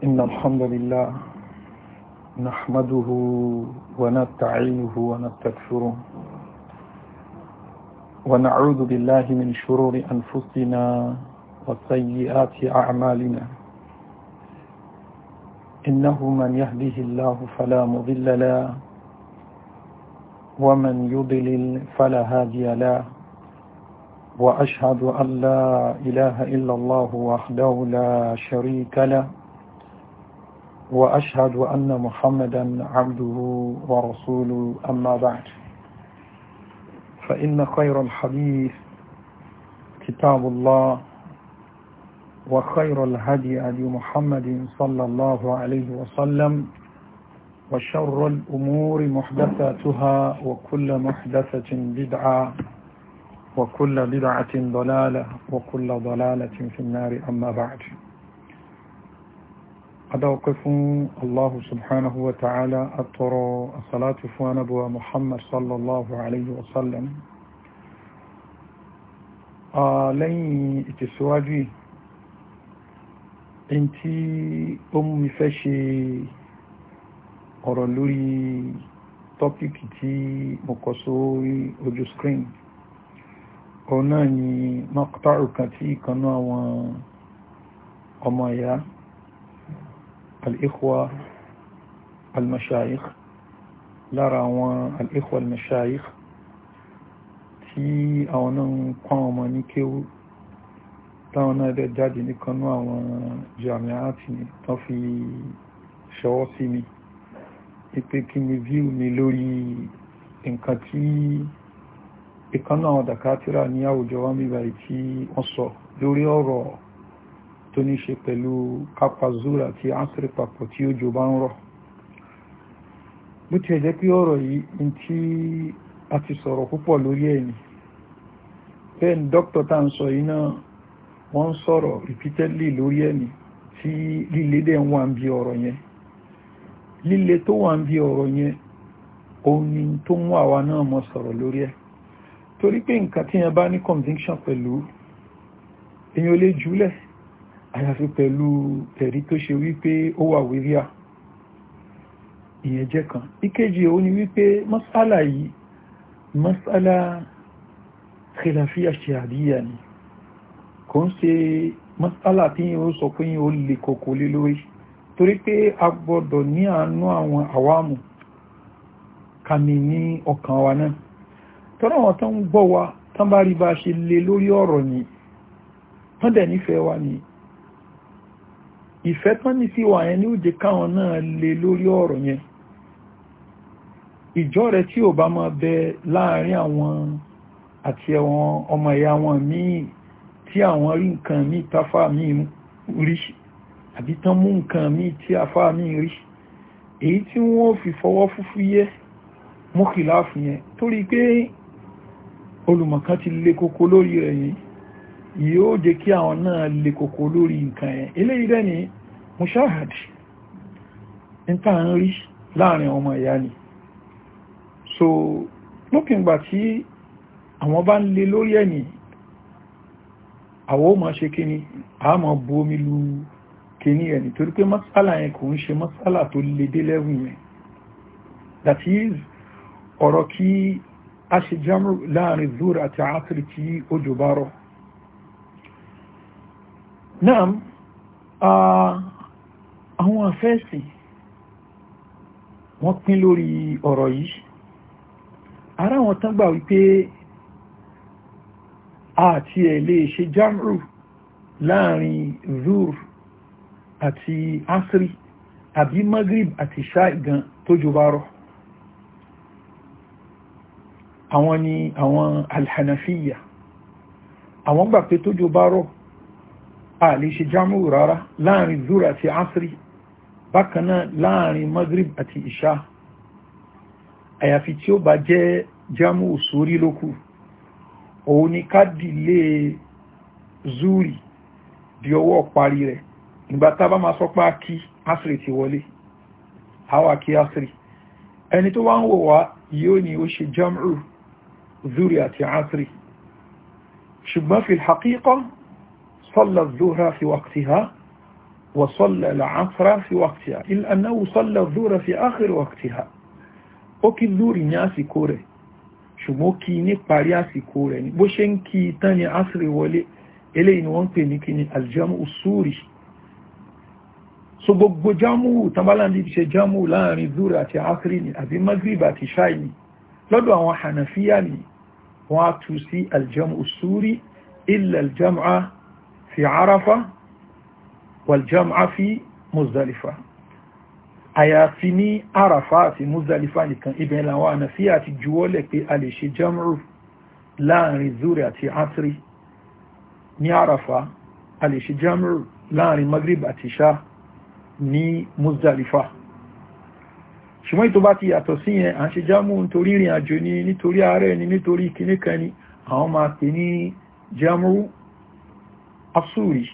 إن الحمد لله نحمده ونستعينه ونستكفره ونعوذ بالله من شرور أنفسنا وسيئات أعمالنا إنه من يهده الله فلا مضل له ومن يضلل فلا هادي له وأشهد أن لا إله إلا الله وحده لا شريك له وأشهد أن محمدا عبده ورسوله أما بعد فإن خير الحديث كتاب الله وخير الهدي أدي محمد صلى الله عليه وسلم وشر الأمور محدثاتها وكل محدثة بدعة وكل بدعة ضلالة وكل ضلالة في النار أما بعد adáwọ̀kẹ́ fún allahu subhanahu wa ta'ala àtọrọ asalatu fún anábọ̀wà muhammad sallallahu alayhi wa sallam lẹ́yìn ìtẹ̀síwájú in tí ó mú mi fẹ́ ṣe ọ̀rọ̀ lórí tọ́pìkì tí mo kọ sórí ojú screen òun ni mọ́kútàrù kan tí ìkanú àwọn ọmọ ìyá الإخوة المشايخ lára àwọn الإخوة المشايخ tí àwọn náà ń kọ́ ọmọ ní kéwú táwọn náà dẹ̀ jáde nìkanú àwọn jamiáàtì ni tán fi ṣọwọ́ sí mi ipé kí ni view mi lórí nǹkan tí ìkanú àwọn dàkátírà ní àwùjọ wa ń bíbáyìí tí wọ́n sọ lórí ọ̀rọ̀ tó ní ṣe pẹ̀lú kápazúra tí ánsìrì papọ̀ tí òjò bá ń rọ̀ bó ti ẹ̀jẹ́ pé ọ̀rọ̀ yìí tí a ti sọ̀rọ̀ púpọ̀ lórí ẹ̀yìn bẹ́ẹ̀ ni dókítà tá à ń sọ yìí náà wọ́n ń sọ̀rọ̀ repeatedly lórí ẹ̀yìn tí líle dẹ̀ ń wà ń bí ọ̀rọ̀ yẹn líle tó wà ń bí ọ̀rọ̀ yẹn òun ni tó mú àwa náà mọ̀ sọ̀rọ̀ lórí ẹ̀ torí pé nǹkan tí yẹn bá ní conviction pẹ̀lú èèyàn ò lè jùlẹ̀ àyàfi pẹ̀lú ẹ̀rí tó ṣe wípé ó wà wíríà ìyẹn jẹ́ kan ìkejì ó ní wípé masala yìí masala khilafiya ṣàríyà ni kò ń ṣe masala tí ó sọ pé ó lè kòkó lé lórí torí pé a gbọ́dọ̀ ní àánú àwọn àwámù kàmì ní ọkàn wa náà tọ́rọ àwọn tó ń gbọ́ wa tán bá rí bá ṣe lé lórí ọ̀rọ̀ ni wọ́n dẹ̀ nífẹ̀ẹ́ wa ni ìfẹ́ tán ní sí wà yẹn ní ó jẹ́ káwọn náà lè lórí ọ̀rọ̀ yẹn ìjọ rẹ̀ tí ò bá máa bẹ láàrin àwọn àti ẹ̀wọ̀n ọmọ ẹ̀yà wọn míì tí àwọn rí nǹkan míì táfà míì rí àbí tán mú nǹkan míì tí àfà míì rí èyí tí wọ́n fi fọwọ́ fúfú yẹ mọ́kìláàfù yẹn torí pé olùmọ̀kan ti le koko lórí rẹ̀ yóò jẹ́ kí àwọn náà lè kòkó lórí nǹkan ẹ̀ eléyìí rẹ̀ ni mushahadi níta ń rí láàrin ọmọ ìyá ni so lókìngbà tí àwọn bá ń lè lórí ẹ̀ ni àwọ́ ma ṣe kíní a ma omi lu kíní ẹ̀ nítorí pé masala yẹn kò ń ṣe masala tó lè dé lẹ́wù yẹn that is ọ̀rọ̀ kí a ṣe jámù láàrin zúrà àti àásìrì tí bá rọ̀ náà ah, àwọn àfẹ́ẹ̀sì wọ́n pín lórí ọ̀rọ̀ yìí ara wọn tán gbà wípé àti ẹ̀ lè ṣe jamru láàrin zur àti asri àbí magrib àti ṣáìgan tó jọba àwọn ni àwọn alhanafiya àwọn gbà pé tó jọba a lè ṣe jámù rárá láàrin zura àti asiri bákan náà láàrin maghrib àti isha àyàfi tí ó bá jẹ́ jámù sórí lókù òun ni ká dìlé zuri di ọwọ́ parí rẹ̀ ìgbàtà bá máa sọpá kí asiri ti wọlé hawa kí asiri ẹni tó wá ń wò wá yóò ní ó ṣe jámù zuri àti asiri ṣùgbọ́n fi haqiqa صلى الظهر في وقتها وصلى العصر في وقتها إلا أنه صلى الظهر في آخر وقتها أوكي الظهر ناسي كوري ṣùgbọ́n kí ní parí àsìkò rẹ̀ ní bó ṣe ń kí tán ni asìrì wọlé eléyìí ni wọ́n ń pè ní kí ni aljamu usuri so gbogbo jamu tambalandi ti ṣe jamu láàrin zuri àti asìrì ni àbí magrib àti shai ni lọ́dọ̀ àwọn hanafiya ni wọ́n á tú sí aljamu usuri illa aljam'a fi arafa waljam'a fi muzdalifa àyàfi ní arafa àti muzdalifa nìkan ibẹ̀ làwọn ànàfí àti juwọ́lẹ̀ pé a lè ṣe jam'u láàrin zuri àti asri ní arafa a lè ṣe jam'u láàrin maghrib àti ṣá ní muzdalifa ṣùgbọ́n ìtò bá ti yàtọ̀ sí yẹn à ń ṣe jámù nítorí ìrìn àjò ni nítorí ààrẹ ni nítorí kìnníkan ni àwọn máa pè ní jámù asúrì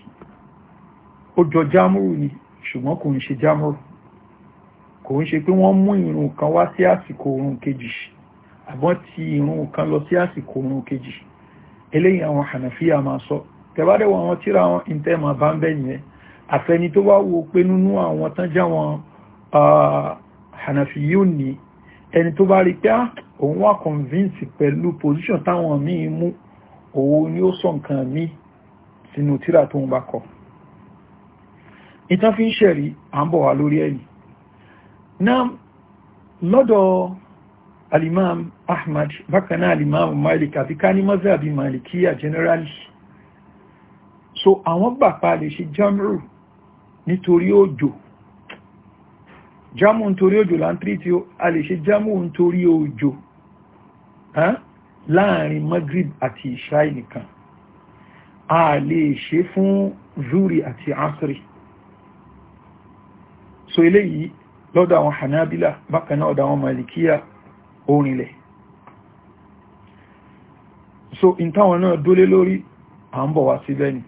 ó jọ jámúrù ni ṣùgbọ́n kò ń ṣe jámúrù kò ń ṣe pé wọ́n mú ìrun kan wá sí àsìkò òrun kejì àbọ́n ti ìrun kan lọ sí àsìkò òrun kejì eléyìí àwọn hànàfíà máa sọ tẹ̀wádẹ́ wọn àwọn tíra wọn ìtẹ́ máa bá ń bẹ̀ yẹn àfẹni tó wá wo pé nínú àwọn tán já wọn hànàfíyù ní ẹni tó bá rí pé ah, òun wà convince pẹ̀lú position táwọn míì mú òun ni ó sọ nǹkan míì sínú tíra tó ń bá kọ ìtàn fi ń ṣẹ̀rí à ń bọ̀ wá lórí ẹ̀yìn náà lọ́dọ̀ alimam ahmad bákan náà alimam malik àti kání mọ́sàbí malikiya generally so àwọn gbàpá lè ṣe jamru nítorí òjò jamu nítorí òjò láńtírí tí a lè ṣe jamu nítorí òjò láàrin magrib àti ìṣáì nìkan a lè ṣe fún zuri àti asiri so eléyìí lọ́dọ̀ àwọn hanabila bákan náà ọ̀dọ̀ àwọn malikiya orinlẹ̀ so in táwọn náà dólé lórí à ń bọ̀ wá sí lẹ́ni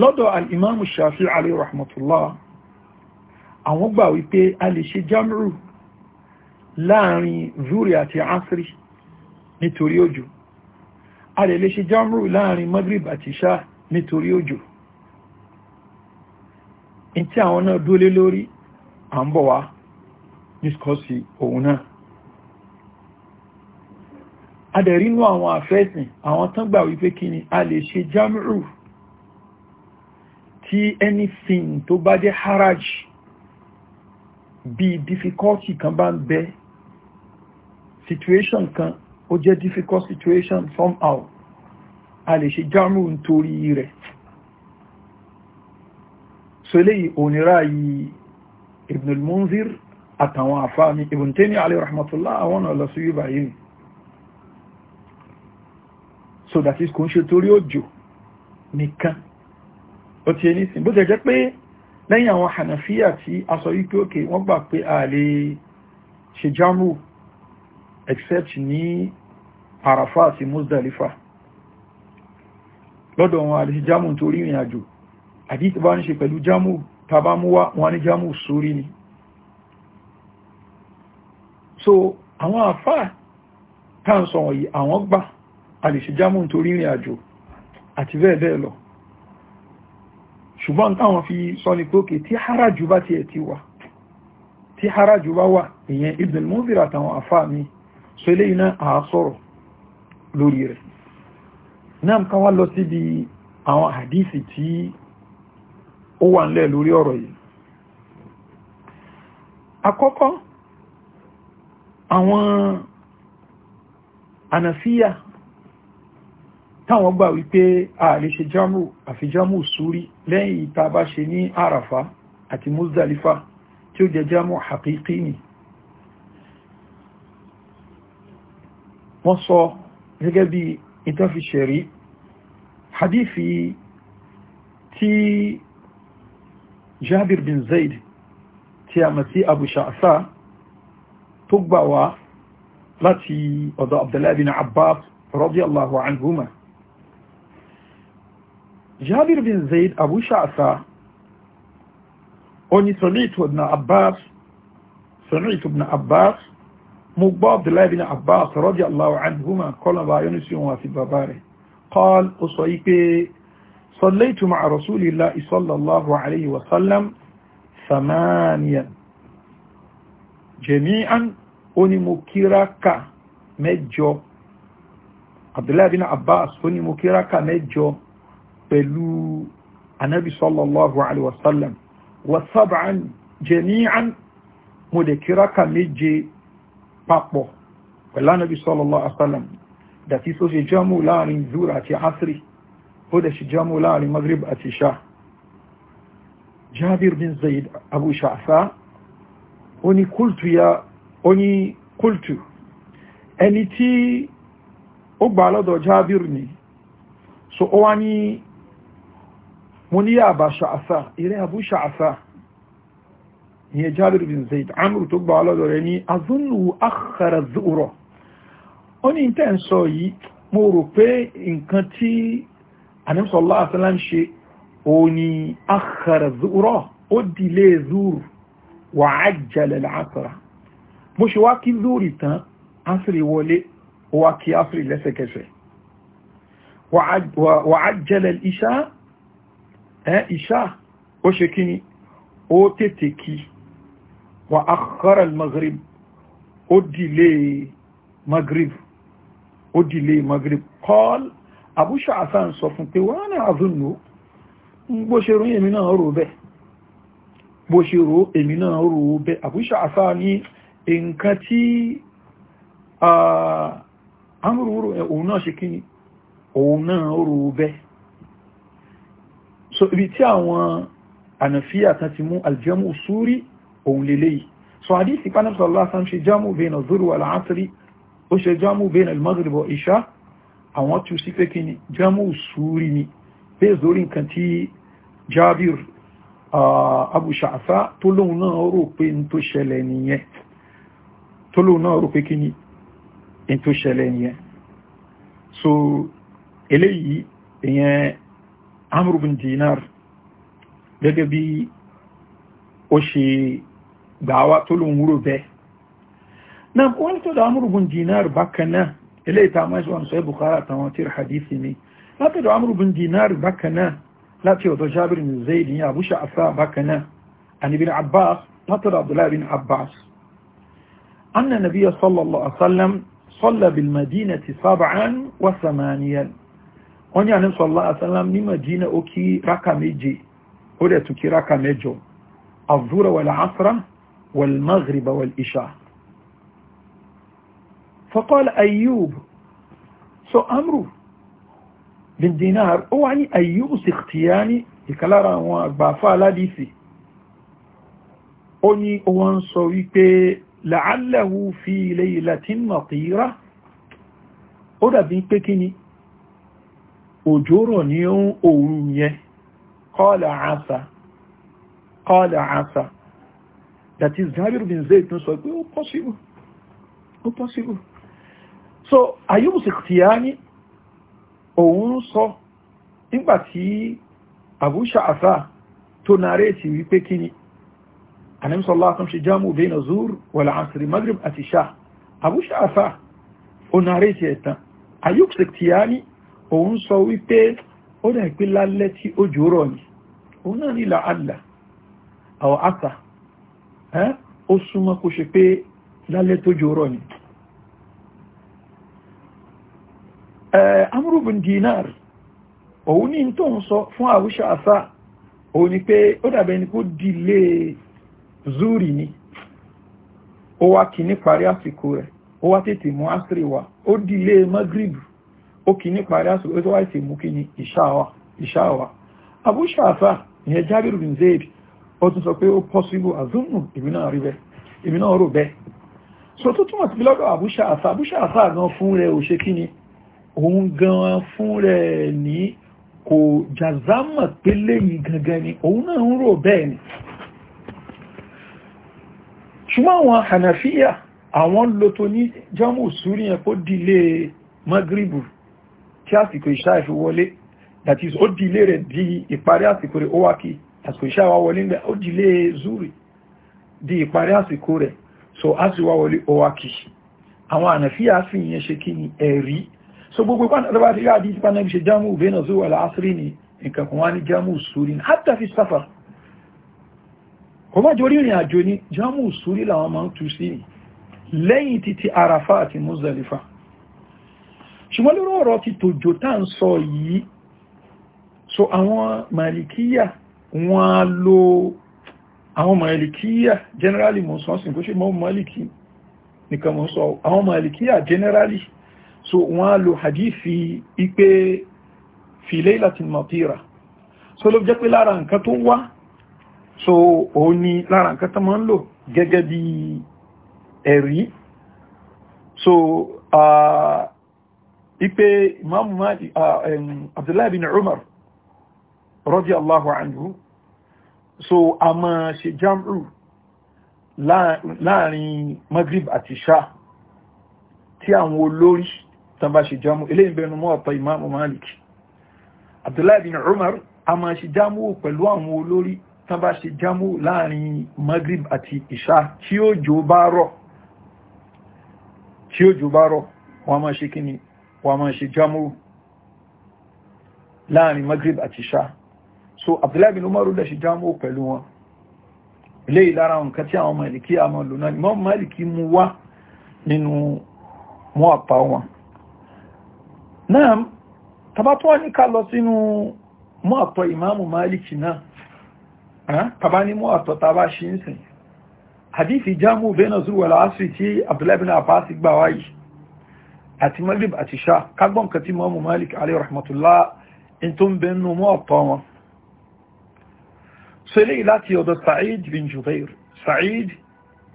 lọ́dọ̀ al'imamu shafi alayhi rahmatullah àwọn gbà wípé a lè ṣe jamru láàrin zuri àti asiri nítorí òjò a lè lè ṣe jámùrù láàrin magrib àti ṣá nítorí òjò in tí àwọn náà dúólé lórí à ń bọ̀ wá nískọ́sí òun náà adẹ̀rínú àwọn àfẹ́sìn àwọn tán gbà wípé kí ni a lè ṣe jámùrù tí anything tó bá jẹ́ haraj bí difficulty kan bá ń bẹ situation kan ó jẹ́ difficult situation somehow a lè ṣe jámù nítorí rẹ̀ so eléyìí onira yìí ibn al-munzir àtàwọn àfáàmì ibn tẹ́ni alayhi rahmatullah àwọn ọ̀lọ́ sí yíba yìí so that is kò ń ṣe torí òjò nìkan ó ti ẹni sin bó jẹ́ jẹ́ pé lẹ́yìn àwọn hànàfíà tí a sọ òkè wọ́n gbà pé a lè ṣe jámù except ní àràfà àti musdalifa lọ́dọ̀ wọn àdíṣẹ́ jámù torí ìrìn àjò àdíṣẹ́ tó bá ń ṣe pẹ̀lú jámù tàbámúwá wọn ní jámù sórí ni so àwọn àfà tàǹsọ wọ̀nyí àwọn gbà àdíṣẹ́ jámù torí ìrìn àjò àti bẹ́ẹ̀ bẹ́ẹ̀ lọ ṣùgbọ́n táwọn fi sọ ní pé tí harajù bá ti ẹ̀ ti wà tí harajù bá wà ìyẹn ibn al àtàwọn àfà mi so ilé iná àásọ̀rọ̀ lórí rẹ̀ náà ká wá lọ síbi àwọn àdísì tí ó wà nílẹ̀ lórí ọ̀rọ̀ yìí àkọ́kọ́ àwọn ànàfíà táwọn gbà wípé a lè ṣe jámù àfi jámù súrí lẹ́yìn ìta bá ṣe ní àràfá àti muzdalifa tí ó jẹ jámù haqiqi ni wọ́n sọ gẹ́gẹ́ bí ìtọ́fiṣẹ̀rí hadithi tí jabir bin zaid tí a mọ̀ sí abu sha'asa tó gbà wá láti ọ̀dọ̀ abdullahi bin abbas radiyallahu anhuma jabir bin zaid abu sha'asa ó ní sọ̀lẹ́tù ibn abbas sọ̀lẹ́tù ibn abbas mo gbọ́ abdullahi bin abbas radiyallahu anhuma kọlọ̀bà yóní sí wọn àti bàbá rẹ̀ qal ó sọ ipé sallaytu ma'a rasulillahi sallallahu alayhi wa sallam samaniyan jami'an ó ní mo kíraka mẹ́jọ abdullahi bin abbas ó mẹ́jọ pẹ̀lú anabi sallallahu alayhi wa sallam jami'an mo dẹ̀ kíraka méje papọ̀ pẹ̀lú anabi sallallahu alaihi wasallam dàtí tó ṣe jamu láàrin zura àti asiri ó dẹ̀ ṣe jamu láàrin maghrib àti sha jabir bin zaid abu sha'asa ó ní kultu ya ó kultu ẹni tí ó gbà lọ́dọ̀ jabir ni so ó wá ní mo ní yà àbá abu sha'asa ìyẹn jábìrì bin zayd amru tó gbà ọlọ́dọ̀ rẹ̀ ní azúnù akhara zuhurọ̀ ó ní tẹ́ ń sọ yìí mo rò pé nǹkan tí anamsọ́lá asalam ṣe ó ní akhara zuhurọ̀ ó dìlé zuhur wà á jalẹ̀ làásọ̀rà mo ṣe wá kí zuhur tán asiri wọlé ó wá kí asiri lẹ́sẹ̀kẹsẹ̀ wà á jalẹ̀ ìṣá ìṣá ó ṣe kí ni ó tètè kí wa akhara al-maghrib ó dìlé maghrib ó dìlé maghrib qal Abu Sha'asan sọ fún pé wọ́n ní àzúnnù bó ṣe rú èmi náà rò bẹ́ bó ṣe rò èmi náà rò bẹ́ Abu Sha'asan ní nǹkan tí amúrúurú òun náà ṣe kíni òun náà rò bẹ́ so ibi tí àwọn ànàfíà tán ti mú aljamu suri òun lélẹ́yìí so àdísì pánẹ́sọ̀ lásán ṣe jámù bẹ́ẹ̀ náà zoro aláàtírí ó ṣe jámù bẹ́ẹ̀ náà ìmọ̀gìrìbọ̀ ìṣá àwọn tú sí pé kí ni jámù sùúrì ni bẹ́ẹ̀ zórí nǹkan tí jábìr uh, abu ṣàfá tó lóun náà rò pé n tó ṣẹlẹ̀ nìyẹn so eléyìí ìyẹn amr dinar gẹ́gẹ́ bí ó ṣe gbàwá tó ló ń wúrò bẹ́ẹ̀ náà wọ́n tó dá amúrùbùn dinar bákan náà ilé ìta mẹ́sàn sọ Bukhari àtàwọn tí hadithi ni látọ̀dọ̀ amúrùbùn dinar bákan náà láti ọ̀dọ̀ jábìrì ní zayd ní Abu Sha'tha bákan náà àni bin abbas látọ̀dọ̀ abdullahi bin abbas anna nabiyya sallallahu alaihi wasallam صلى بالمدينة سبعا وثمانيا wọ́n ní àníṣọ́ aláàsálàm ní madina ó kí ráka méje ó dẹ̀ tún kí ráka mẹ́jọ azúra wà láàásírá والمغرب والإشاء فقال أيوب سو أمره من دينار أو يعني أيوب سيختياني يكلا رانوا بافا لا ديسي أني أوان سويك لعله في ليلة مطيرة أو دا بين بكيني أجور نيو أورو قال عسى قال عسى that is Jabir bin Zayd tó sọ pé ó possible ó possible so Ayub Sikhtiyani òun sọ nígbàtí Abu Sha'asa tó narẹ́tì wípé kí ni Ànábì sallallahu alaihi wasallam ṣe jámù bayna zuhr wal asr maghrib àti ṣá Abu Sha'asa ó narẹ́tì ẹ̀tàn Ayub Sikhtiyani òun sọ wípé ó dà ìpínlẹ̀ lẹ́tí ó jòrọ̀ ni òun náà ní làálà àwọn àṣà ó súnmọ́ kó ṣe pé lálẹ́ tó ni Amru Dinar òun ní tó ń sọ fún àwúṣà àṣà òun ni pé ó dàbẹ̀ ni kó dìlé zuri ni ó wá kì ní parí àsìkò rẹ̀ ó wá tètè mú asiri wa ó dìlé magrib ó kì ní parí àsìkò tó wá tètè kí ni ìṣáwa àbúṣà àṣà ìyẹn Jábìrù bin ó tún sọ pé ó possible azúnnù èmi náà rí bẹ́ èmi náà rò bẹ́ so tó túnmọ̀ sí bí lọ́dọ̀ àbúṣà àṣà àbúṣà àṣà gan fún rẹ̀ ò ṣe kí ni òun gan fún rẹ̀ ní kò jàzámà pé léyìn gangan ni òun náà ń rò bẹ́ẹ̀ ni ṣùgbọ́n àwọn hànàfíà àwọn lóto ní jámù sórí yẹn kó dìlé magribu tí àsìkò ìṣáìfi wọlé that is ó dìlé rẹ̀ di ìparí àsìkò rẹ̀ ó wákìí àsìkò ìṣá wa wọlé ńlẹ̀ ó dìlé zuri di ìparí àsìkò rẹ̀ so a sì wá wọlé owaki àwọn ànàfíà sì yẹn ṣe kí ni ẹ̀rí so gbogbo pàtàkì tí ráàdì tí pàtàkì ṣe jámù bẹ́nà zuwa ni nǹkan kan wá ní jámù sórí ní hátà fi sáfà kò má jọ rírìn àjò ní jámù sórí làwọn máa ń tú sí ni lẹ́yìn títí àràfà àti Muzdalifa ṣùgbọ́n lórí ọ̀rọ̀ ti tòjò tá ń sọ yìí so àwọn màlìkíyà wọ́n lo àwọn malikiya generally mọ̀ sọ́nsìn kó ṣe mọ́ maliki nìkan mọ̀ sọ àwọn malikiya generally so wọ́n lo fi ipé fi laylatin matira so ló jẹ́ pé lára nǹkan tó wá so ó ní lára nǹkan tó máa ń lò gẹ́gẹ́ bí ẹ̀rí so ah, ipe imam ah, abdullahi bin umar radiyallahu anhu so a máa ṣe jam'u láàrin maghrib àti ṣá tí àwọn olórí tán bá ṣe jam'u eléyìn bẹnu mọ́ ọ̀tọ̀ imam malik abdullahi bin umar a máa ṣe jam'u pẹ̀lú àwọn olórí tán bá ṣe jam'u láàrin maghrib àti ìṣá tí òjò bá rọ̀ tí òjò bá rọ̀ wọ́n máa ṣe kíni wọ́n máa ṣe jam'u láàrin maghrib àti ṣá so abdullahi bin umaru da shi jamo pẹ̀lú wọn ilé ìlara nǹkan tí àwọn maliki a mọ̀ lónà imọ́ maliki mú wá nínú mú àpá wọn náà tàbátọ́ wá ní ká lọ sínú mú àtọ́ imamu maliki náà tàbá ní mú àtọ́ tàbá ṣe ń sìn hadithi jamu bẹ́nà zuwa lásì tí abdullahi bin abbas gbà wáyìí àti maghrib àti sha kagbọn kan tí mọ́mù malik alayhi rahmatullah in tó ń bẹ́nu mú àtọ́ wọn sẹ́lẹ̀ láti ọ̀dọ̀ Sa'id bin Jubair Sa'id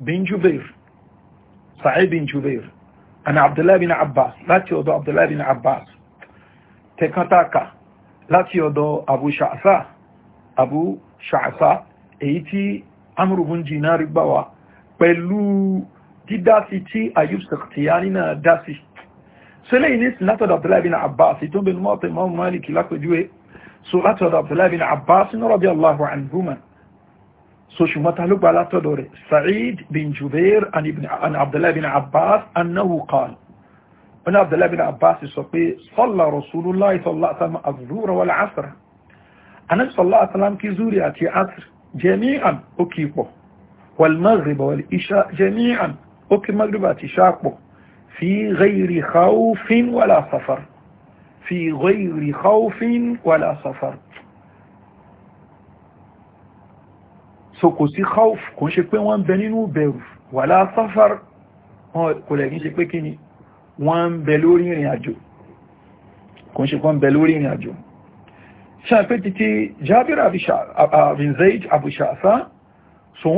bin Jubair Sa'id bin Jubair ana Abdullahi bin Abbas láti ọ̀dọ̀ Abdullahi bin Abbas tekataka láti ọ̀dọ̀ Abu Sha'sa Abu Sha'sa èyí tí amurubun jina rí gbáwa pẹ̀lú dídásí tí Ayub Sakhtiyani náà dásí sẹ́lẹ̀ ìnísìn látọ̀dọ̀ Abdullahi bin Abbas tó bẹ̀rẹ̀ mọ́ سورة عبد الله بن عباس رضي الله عنهما سوشمة تعلق بلا تدور سعيد بن جبير عن ابن عن عبد الله بن عباس أنه قال أن عبد الله بن عباس سقي صلى رسول الله صلى الله عليه وسلم الظهور والعصر أن صلى الله عليه وسلم كي زوري أتي عصر جميعا أكيبه والمغرب والعشاء جميعا أكي مغرب أتي شاقه في غير خوف ولا سفر في ghayri khawfin ولا سفر so kò sí khawf kò ń ṣe pé wọ́n ń bẹ nínú bẹ̀rù wala safar kò lẹ̀ kí ń ṣe pé kí ni wọ́n ń bẹ lórí ìrìn àjò kò ń ṣe pé wọ́n ń bẹ lórí ìrìn àjò ṣàpẹ́ títí jábìr bin zaid abu sha'asa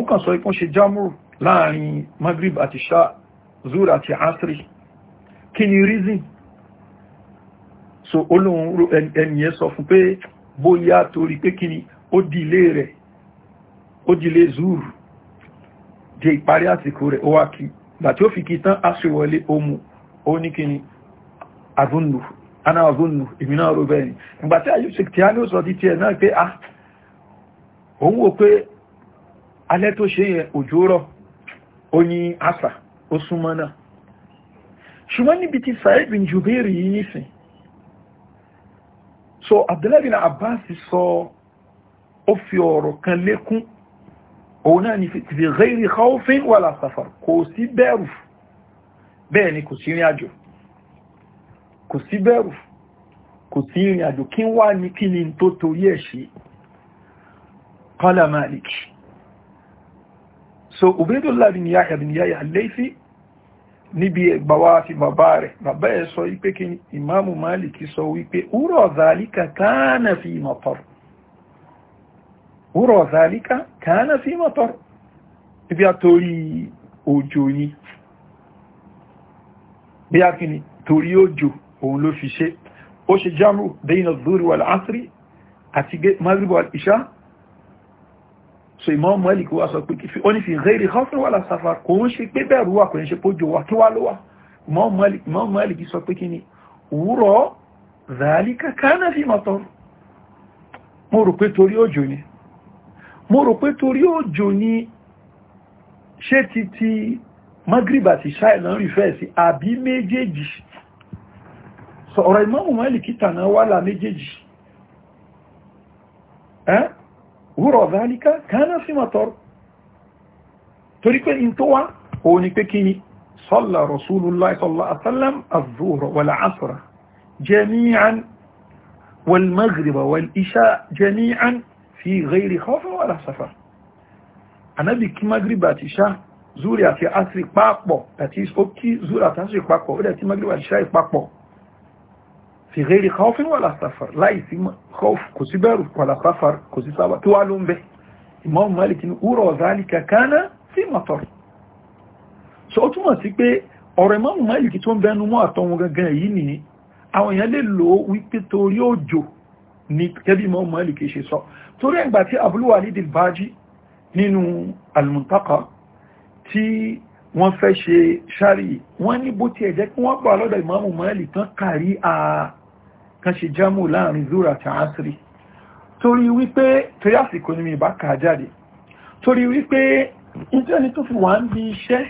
kan sọ ikú ṣe jámùrù láàrin maghrib àti sha zura àti asri kí ni reason so olóhun ẹniyẹ sọ fún pé bóyá torí pé kí ni ó di ilé rẹ̀ ó di ilé zuru di ìparí àsìkò rẹ̀ ó wá kí gbàtí ó fi kí tán aṣèwọlé omu ó ní kí ni azunnu ana azunnu ìmìnà ọ̀rọ̀ bẹ́ẹ̀ ni ìgbàtí ayúṣek tí a ah, ní ṣùgbọ́n níbi tí Sa'id bin yìí nísìn so Abdullahi bin Abbas sọ ó fi ọ̀rọ̀ kan lékún òun náà ni fi ghairi khawfin wala safar kò sí bẹ̀rù bẹ́ẹ̀ ni kò sí ìrìn àjò kò sí bẹ̀rù kò sí ìrìn àjò kí wá ní kí ni tó torí ẹ̀ ṣe qala Malik so Ubaydullah bin Yahya bin Yahya al-Laythi níbi ẹgbà wá ti bàbá rẹ̀ bàbá ẹ̀ sọ wípé kí ìmáàmù Málìkì sọ wípé wúrọ̀ zàlíkà káánà fi mọ̀tọ̀rọ̀ wúrọ̀ zàlíkà káánà fi mọ̀tọ̀rọ̀ ibi àtòrí òjò ni bí a kìíní torí òjò òun ló fi ṣe ó ṣe jámù bẹ́yìn ọ̀dọ́rùwà àti magrib al-isha so Imam Malik wá sọ pé kí ó ní fi ghairi khawfin wala safar kò ń ṣe pé bẹ̀rù wà kò ń ṣe pójò wà kí wá ló wà Imam Malik sọ pé kí ni òwúrọ̀ dhalika kana fi matar mo rò pé torí òjò ni mo rò pé torí òjò ni ṣé ti ti magrib àti ṣáì lọ rí fẹ́ẹ̀ sí àbí méjèèjì sọ̀rọ̀ Imam Malik tànà wà lá méjèèjì ẹ́ wúrọ̀ dálíkà kánà sí mọ̀tọ́rọ̀ torí pé in tó wá òun ni pé kí ni sọ́lá rasulullah sọ́lá asálàm azúrọ̀ wàlá asúra jẹ́míàn wàlmagriba wàlíṣà jẹ́míàn fi ghairi khawfin wàlá safar anábì kí magriba ti ṣá zúrì àti asiri pápọ̀ àti ó kí zúrì àti asiri pápọ̀ ó dẹ̀ ti ṣá ìpápọ̀ fi ghairi khawfin wala safar láì sí khawf kò sí bẹ̀rù wala safar kò sí sábà kí wá ló ń bẹ Imam Malik ní urọ̀ zálìkà kánà sí matar so ó túmọ̀ sí pé ọ̀rọ̀ Imam Malik tó ń bẹnu mọ́ àtọ̀wọn gangan yìí ni àwọn èèyàn lè lò ó wípé torí òjò ní kẹ́bí Imam Malik ṣe sọ torí ẹ̀gbà tí Abul Walid al-Baji nínú al-Muntaqa tí wọ́n fẹ́ ṣe ṣárí wọ́n ní bó ti ẹ̀jẹ́ kí wọ́n gbà lọ́dọ̀ Imam Malik tán kàrí àà tán ṣe jámù láàrin zura àti asiri torí wípé torí àsìkò ni mi bá kà jáde torí wípé ìjẹ́ni tó fi wà ń bí iṣẹ́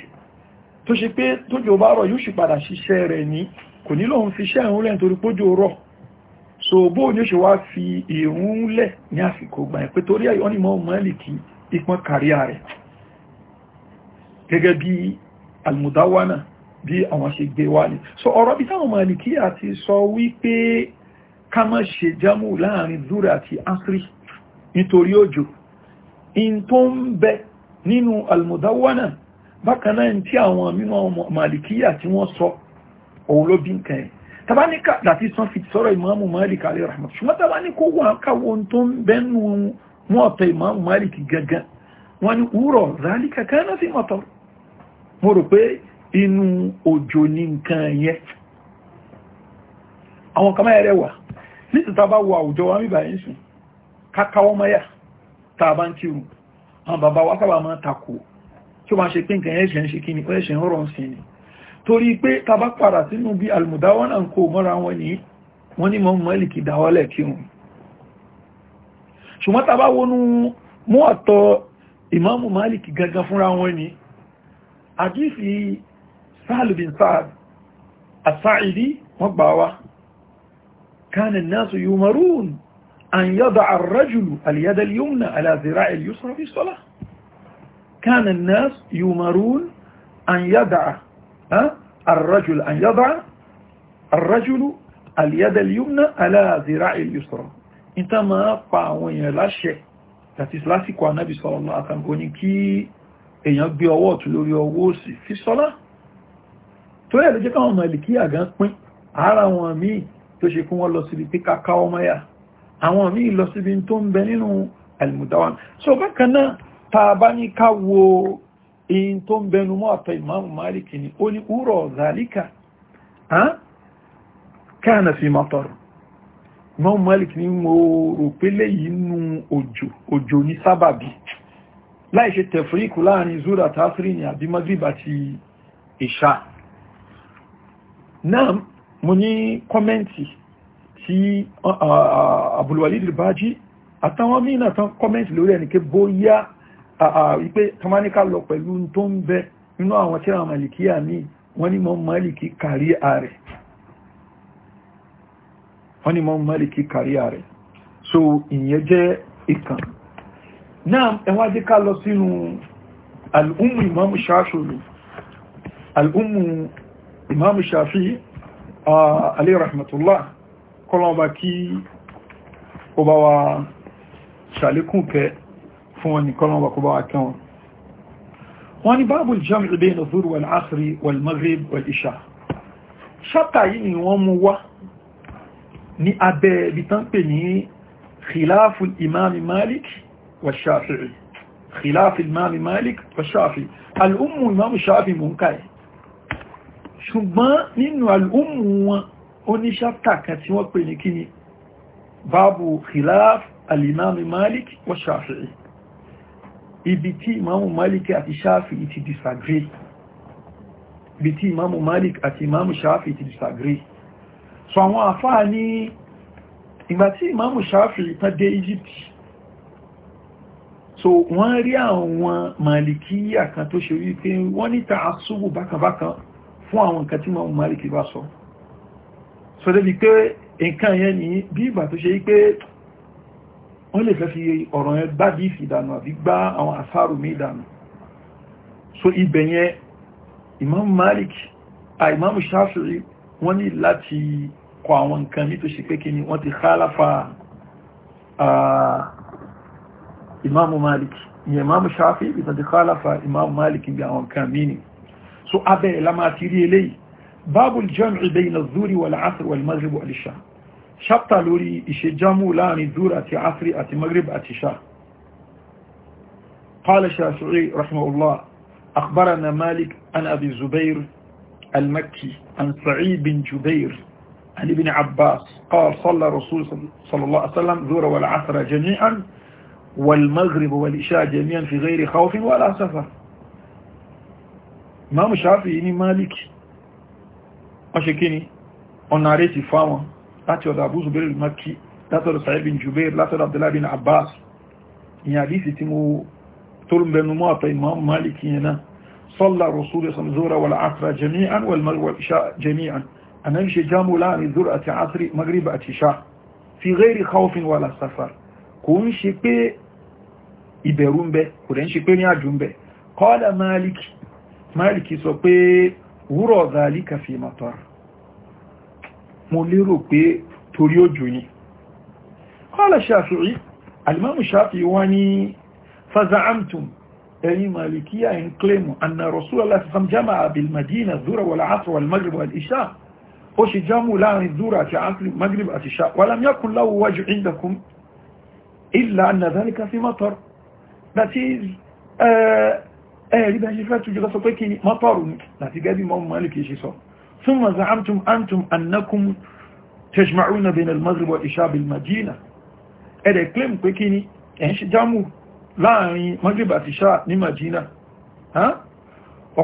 tó ṣe pé tójò bá rọ̀ yóò ṣì padà ṣiṣẹ́ rẹ̀ ní kò nílò òun fi iṣẹ́ ìrún nítorí pójò rọ̀ so bó ní ó ṣe wá fi ìrún lẹ̀ ní àsìkò gbà ẹ̀ pé torí ẹ̀yọ́ ni mọ́ mọ́lìkì ìpọn kàríà rẹ̀ gẹ́gẹ́ bí almudawana bí àwọn ṣe gbé wá ní so ọ̀rọ̀ bí táwọn mọ̀lìkì àti sọ wípé ká má ṣe jámù láàrin zúrà àti asri nítorí òjò in tó ń bẹ nínú almudawana bákaná tí àwọn mímọ̀ malikiya tí wọ́n sọ òun ló imamu malik alayhi rahmat ṣùgbọ́n tàbá ní kó wà káwọn tó ń imamu malik gangan wọn ni wúrọ̀ zálika kana sí mọ̀tọ̀ mo rò pé inú òjò ní nǹkan yẹn àwọn kan máa rẹwà ní ti tàbá wo àwùjọ wa mìí báyìí sùn kákáwọ́ mọ́yà tàbá ń kírù àwọn bàbá wa sábà máa takò tí ó máa ṣe pé nǹkan ẹ̀ṣẹ̀ ń ṣe kí ni ẹ̀ṣẹ̀ ń rọrùn sí ni torí pé tàbá padà sínú bí alùmùdáwọ́n náà kò mọ́ra wọn ní wọ́n ní mọ́mọ́ ìlìkì dáwọ́lẹ̀ kírun ṣùgbọ́n tàbá wọnú mú ọ̀tọ̀ ìmáàmù máàlìkì gangan fúnra wọn ni àdífì sáàlù bin sáàd àsáìdí wọ́n gbà wá كان الناس يمرون أن يضع الرجل اليد اليمنى على ذراع اليسرى في الصلاة كان الناس يمرون أن يضع الرجل أن يضع الرجل اليد اليمنى على ذراع اليسرى انت ما فاوين لا شيء láti lásìkò ànábì sallallahu alaihi wasallam ní kí èèyàn gbé ọwọ́ ọ̀tún lórí ọwọ́ òsì fi sọ́lá tó yẹ̀ ló jẹ́ káwọn mọ̀lìkí àgán pín ara wọn míì tó ṣe kún wọ́n lọ síbi pé káká ọmọ yá àwọn míì lọ síbi tó ń bẹ nínú almudawana so bákan náà tá bá ní ká wo in tó ń bẹnu mọ́ àtọ ìmáàmù Malik ni ó ní úrọ̀ zalika kana fi matar ìmáàmù Malik ni mo rò pé léyìí nú òjò òjò ní sábàbí láì ṣe láàrin zúra tafiri ni àbí magrib àti ìṣà náà mo ní kọ́mẹ́ǹtì tí uh, uh, Abdulwalid Baji àtàwọn mìíràn tán kọ́mẹ́ǹtì lórí ẹnìké bóyá uh, wípé tamanika lọ pẹ̀lú tó ń bẹ nínú àwọn tíra malikiya mi wọ́n ní mọ́ maliki kàrí ààrẹ wọ́n maliki kàrí so ìyẹn jẹ́ ìkan náà ẹwádìí ká lọ sínú al'ummu imam shafi'i al'ummu imam shafi'i alẹ́ rahmatullah kọlọ́ọ̀bá kí ó bá wa ṣàlékún kẹ fún wọn ni kọlọ́ọ̀bá kó bá wa kẹwọn wọ́n ni báàbù jami bayna dhur wal asri wal maghrib wal isha ṣáptà yìí ni wọ́n mú wá ní abẹ́ ibi tán pè ní khilafu imami malik wa shafi'i khilafu imami malik wa shafi'i al'ummu imam shafi'i munkai ṣùgbọ́n nínú al'ummu wọn oníṣàtà kan tí wọ́n pè ní kíni báàbù khilaf alimami malik wa shafi'i ibi tí imamu malik àti shafi'i ti disagree ibi tí imamu malik àti imamu shafi'i ti disagree so àwọn àfáà ní ìgbà tí imamu shafi'i tán dé egypt so wọ́n rí àwọn malikiya kan tó ṣe wípé wọ́n ní ta asúgbù bákanbákan fún àwọn nǹkan tí Imam Malik bá sọ so débi pé nǹkan yẹn ni bí ìgbà tó ṣe pé wọ́n lè fẹ́ fi ọ̀rọ̀ yẹn gbá bí ìfìdànù àbí gbá àwọn àsáàrù mí ìdànù so ibẹ̀ yẹn Imam Malik a Imam Shafi'i wọ́n ní láti kọ àwọn nǹkan ní tó ṣe pé kí ni wọ́n ti khalafa Imam Malik ni Imam Shafi'i ìtàn ti khalafa Imam Malik bí àwọn nǹkan mí ni so لما la لي باب الجمع بين الزور والعصر والمغرب zuri wal asr wal maghrib wal isha ṣáptà lórí ìṣèjámù láàrin zuri àti قال الشافعي رحمه الله أخبرنا مالك عن أبي زبير المكي عن سعيد بن جبير عن ابن عباس قال صلى رسول صلى الله عليه وسلم ذور والعصر جميعا والمغرب والإشاء جميعا في غير خوف ولا سفر Imam Shafi'i ní Maliki wọ́n ṣe kí ni ọ̀nà rẹ̀ ti fáwọn láti ọ̀dọ̀ Abu Zubair al-Makki látọ̀dọ̀ Sa'id bin Jubair látọ̀dọ̀ Abdullah bin Abbas ìyàn àdísì tí mo tólùmbẹnu mọ́ àtọ̀ Imam Maliki yẹn náà جميعا والمغرب والعشاء جميعا أنا جامو لان الظهر عصر مغرب أتشاء في غير خوف ولا سفر كون شكي إبرون كون شكي نعجون به قال مالك Malik sọ pé wúrọ̀ zalika fi matar mo lérò pé torí òjò ni qala Shafi'i alimamu Shafi'i wá ní faza'amtum ẹ̀yin malikiya in claim anna Rasulullah sallam jama'a bil madina zura wal asr wal that is uh, ẹ̀rí bẹ́ ṣe fẹ́ tujú lọ́sọ pé kí ni mọ́tọ̀rù ní láti gẹ́bí mọ́ mọ́lù kìí ṣe sọ thumma za'amtum antum annakum tajma'una bayna al-maghrib wa isha bil-madina ẹ̀rẹ̀ claim pé kí ni ẹ̀ ṣe jámù láàrin maghrib àti isha ní madina wa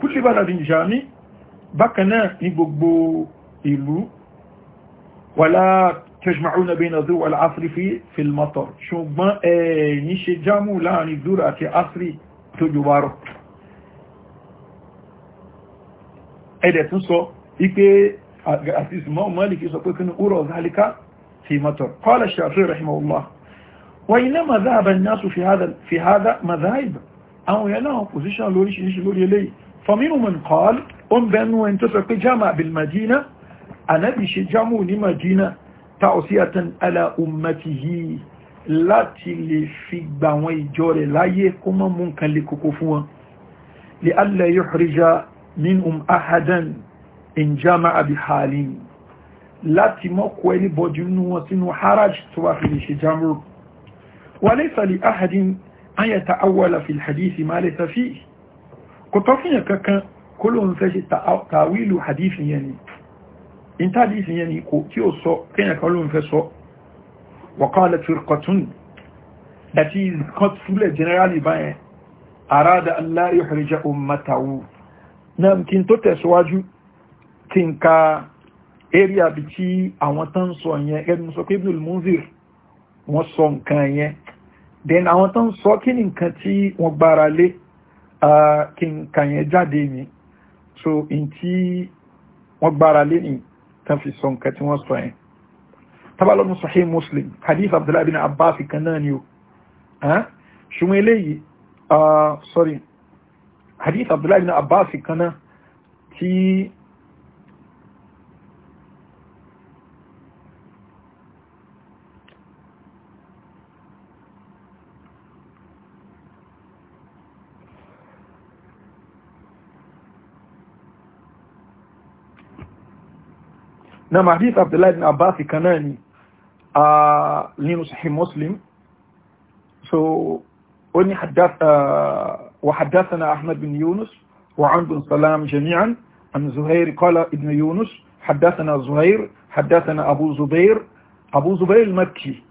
kulli baladin jami bákanáà ní gbogbo ìlú wàlá تجمعون بين ضوء العصر في في المطر شو ما آه، نيش جامو لا ني يعني دورة عصر تجوارو ايدي تنسو ايكي اتيس مو مالك يسوكو كن اورو ذلك في مطر قال الشافعي رحمه الله وينما ذهب الناس في هذا في هذا مذاهب او يلا اوبوزيشن لوري شيش لوري لي فمنهم من قال ام بنو انتو تقي بالمدينه انا بشي جامو ني tàọ́síyàtàn ala ummatihi láti lè fi gbà wọn ìjọ rẹ̀ láyé kó mọ́ mú nǹkan lè kókó fún wọn lè alla yuhrija minhum ahadan in jama'a bi halin láti mọ́kọ̀ ẹni bọ̀dì nínú wọn sínú haraj tó wà fi lè ṣe jamur wà laysa li ahadin an fi hadisi ma laysa kò tọ́ fún yẹn kankan kó lóun fẹ́ ṣe tàwílù hadisi yẹn ni intadisi yẹn ni kò tí ó sọ kíyàn kan ló ń fẹ́ sọ waqalat firqatun that is kan túlẹ̀ generally báyẹn arada an la yuhrija ummatahu náà kí n tó tẹ̀síwájú kí n ka area bí tí àwọn tán sọ yẹn ẹnu sọ pé ibnul munzir wọ́n sọ nǹkan yẹn then àwọn tán sọ kí ni nǹkan tí wọ́n gbára lé kí n kà yẹn jáde mi so in tí wọ́n gbára lé nìyí tán fi sọ nǹkan tí wọ́n sọ yẹn tábàlọ́nù sahih muslim hadith abdullahi bin abbas kan náà ni o ṣùgbọ́n eléyìí ah, sorry hadith abdullahi bin abbas kan náà tí na mahadith abdullahi ibn abbas kanani a nínú sahih muslim so oni haddath wa haddathana ahmad bin yunus wa amr bin salam jami'an an zuhair qala ibn yunus حدثنا زهير حدثنا أبو زبير أبو زبير المكي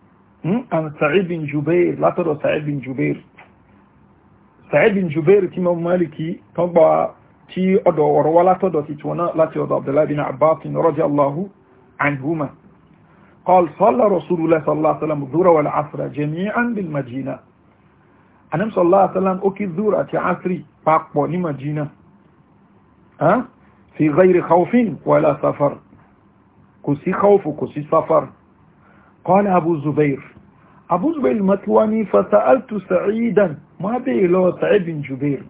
عن سعيد بن جبير لا ترى سعيد بن جبير سعيد بن جبير تيم مالكي طبعا تي أدو وروا لا تدو تتونا لا تدو عبد الله بن عباس رضي الله عنهما قال صلى رسول الله صلى الله عليه وسلم الظهر والعصر جميعا بالمدينة أنا صلى الله عليه وسلم أكيد الظهر أتي عصري باقبو مدينة أه؟ في غير خوف ولا سفر كسي خوف كسي سفر قال أبو الزبير أبو الزبير المتواني فسألت سعيدا ما به لو سعيد بن جبير